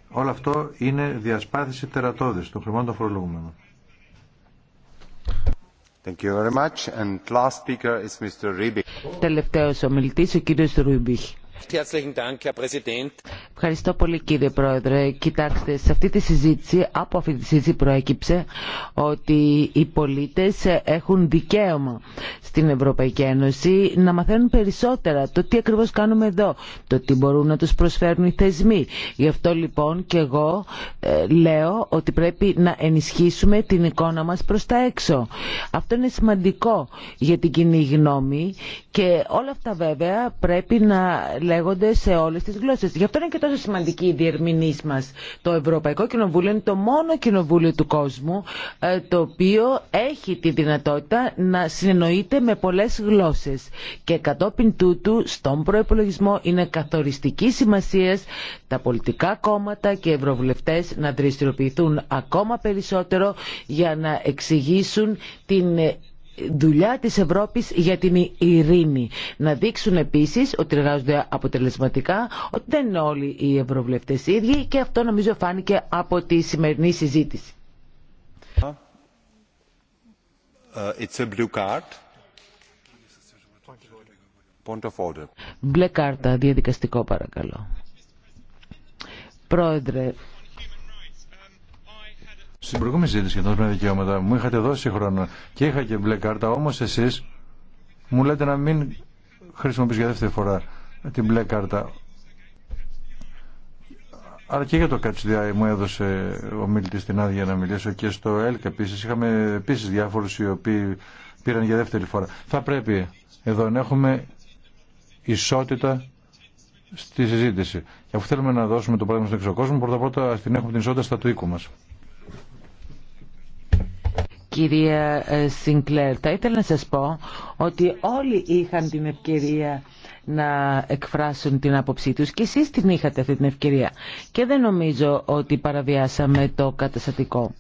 Όλο αυτό είναι διασπάθηση τερατώδης των χρημάτων φορολογουμένων. Ευχαριστώ ο τελευταίος ομιλητής ο κύριος Ρούμπιχ. Ευχαριστώ πολύ κύριε Πρόεδρε. Κοιτάξτε, σε αυτή τη συζήτηση, από αυτή τη συζήτηση προέκυψε ότι οι πολίτες έχουν δικαίωμα στην Ευρωπαϊκή Ένωση να μαθαίνουν περισσότερα το τι ακριβώς κάνουμε εδώ, το τι μπορούν να τους προσφέρουν οι θεσμοί. Γι' αυτό λοιπόν και εγώ ε, λέω ότι πρέπει να ενισχύσουμε την εικόνα μας προς τα έξω. Αυτό είναι σημαντικό για την κοινή γνώμη και όλα αυτά βέβαια πρέπει να λέγονται σε όλε τι γλώσσε. Γι' αυτό είναι και τόσο σημαντική η διερμηνή μα. Το Ευρωπαϊκό Κοινοβούλιο είναι το μόνο κοινοβούλιο του κόσμου ε, το οποίο έχει τη δυνατότητα να συνεννοείται με πολλέ γλώσσε. Και κατόπιν τούτου στον προπολογισμό είναι καθοριστική σημασία τα πολιτικά κόμματα και οι ευρωβουλευτέ να δραστηριοποιηθούν ακόμα περισσότερο για να εξηγήσουν την δουλειά της Ευρώπης για την ειρήνη. Να δείξουν επίσης ότι εργάζονται αποτελεσματικά, ότι δεν είναι όλοι οι ευρωβουλευτές οι ίδιοι και αυτό νομίζω φάνηκε από τη σημερινή συζήτηση. Uh, it's a blue card. Μπλε κάρτα, διαδικαστικό παρακαλώ. Πρόεδρε, στην προηγούμενη συζήτηση για τα δικαιώματα μου είχατε δώσει χρόνο και είχα και μπλε κάρτα, όμω εσεί μου λέτε να μην χρησιμοποιήσω για δεύτερη φορά την μπλε κάρτα. Αλλά και για το ΚΑΤΣΔΙ μου έδωσε ο μιλητή την άδεια να μιλήσω και στο ΕΛΚ επίση. Είχαμε επίση διάφορου οι οποίοι πήραν για δεύτερη φορά. Θα πρέπει εδώ να έχουμε ισότητα στη συζήτηση. Και αφού θέλουμε να δώσουμε το πράγμα στον εξωκόσμο, πρώτα-πρώτα την έχουμε την ισότητα στα του οίκου μα κυρία Σινκλέρ. Ε, Θα ήθελα να σας πω ότι όλοι είχαν την ευκαιρία να εκφράσουν την άποψή τους και εσείς την είχατε αυτή την ευκαιρία και δεν νομίζω ότι παραβιάσαμε το καταστατικό.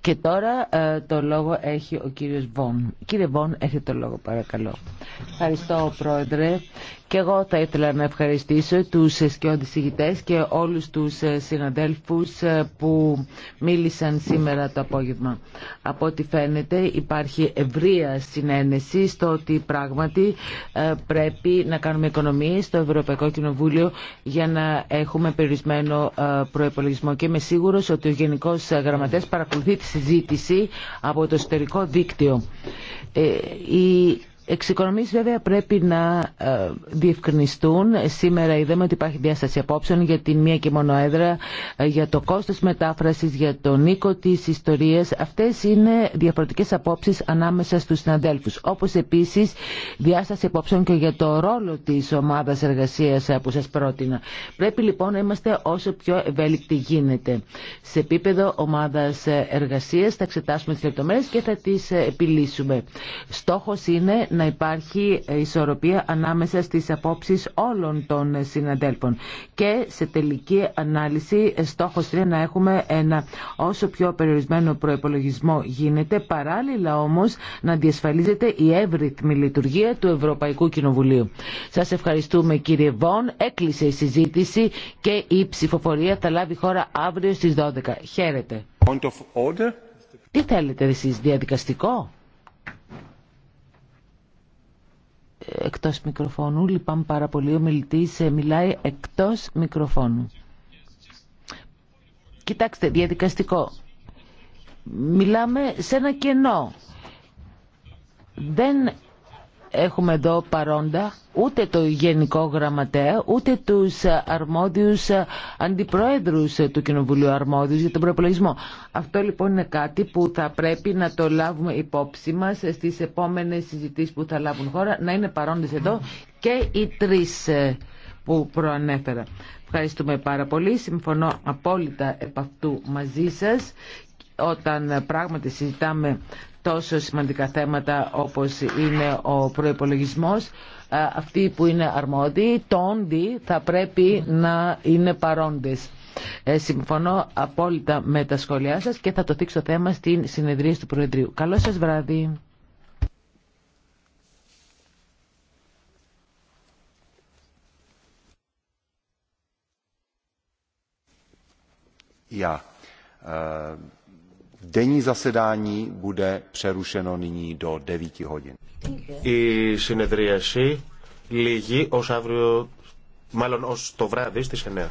Και τώρα ε, το λόγο έχει ο κύριος Βον. Κύριε Βον, έχετε το λόγο παρακαλώ. Ευχαριστώ πρόεδρε. Και εγώ θα ήθελα να ευχαριστήσω τους σκιώδη ηγητές και όλους τους συναδέλφους που μίλησαν σήμερα το απόγευμα. Από ό,τι φαίνεται υπάρχει ευρεία συνένεση στο ότι πράγματι ε, πρέπει να κάνουμε οικονομίε στο Ευρωπαϊκό Κοινοβούλιο για να έχουμε περιορισμένο ε, προπολογισμό. Και είμαι σίγουρο ότι ο Γενικός Γραμματέας παρακολουθεί τη συζήτηση από το εσωτερικό δίκτυο. Ε, Εξοικονομίες βέβαια πρέπει να ε, διευκρινιστούν. Σήμερα είδαμε ότι υπάρχει διάσταση απόψεων για την μία και μόνο έδρα, ε, για το κόστος μετάφρασης, για τον οίκο της ιστορίας. Αυτές είναι διαφορετικές απόψεις ανάμεσα στους συναδέλφους. Όπως επίσης διάσταση απόψεων και για το ρόλο της ομάδας εργασίας ε, που σας πρότεινα. Πρέπει λοιπόν να είμαστε όσο πιο ευέλικτοι γίνεται. Σε επίπεδο ομάδας εργασίας θα εξετάσουμε τις λεπτομέρειες και θα τις επιλύσουμε. Στόχος είναι να υπάρχει ισορροπία ανάμεσα στις απόψεις όλων των συναντέλφων. Και σε τελική ανάλυση στόχος είναι να έχουμε ένα όσο πιο περιορισμένο προϋπολογισμό γίνεται, παράλληλα όμως να διασφαλίζεται η εύρυθμη λειτουργία του Ευρωπαϊκού Κοινοβουλίου. Σας ευχαριστούμε κύριε Βόν. Έκλεισε η συζήτηση και η ψηφοφορία θα λάβει χώρα αύριο στις 12. Χαίρετε. Τι θέλετε εσείς, διαδικαστικό? εκτός μικροφώνου. Λυπάμαι πάρα πολύ. Ο μιλητής ε, μιλάει εκτός μικροφώνου. Κοιτάξτε, διαδικαστικό. Μιλάμε σε ένα κενό. Δεν έχουμε εδώ παρόντα ούτε το Γενικό Γραμματέα, ούτε τους αρμόδιους αντιπρόεδρους του Κοινοβουλίου αρμόδιους για τον προπολογισμό. Αυτό λοιπόν είναι κάτι που θα πρέπει να το λάβουμε υπόψη μας στις επόμενες συζητήσεις που θα λάβουν χώρα, να είναι παρόντες εδώ και οι τρεις που προανέφερα. Ευχαριστούμε πάρα πολύ. Συμφωνώ απόλυτα επ' αυτού μαζί σας όταν πράγματι συζητάμε τόσο σημαντικά θέματα όπως είναι ο προϋπολογισμός, ε, αυτοί που είναι αρμόδιοι, τόντι, θα πρέπει να είναι παρόντες. Ε, συμφωνώ απόλυτα με τα σχόλιά σας και θα το δείξω θέμα στην συνεδρία του Προεδρείου. Καλό σας βράδυ. Uh, denní 9 Η συνεδρίαση λήγει ως αύριο, μάλλον ως το βράδυ στις 9.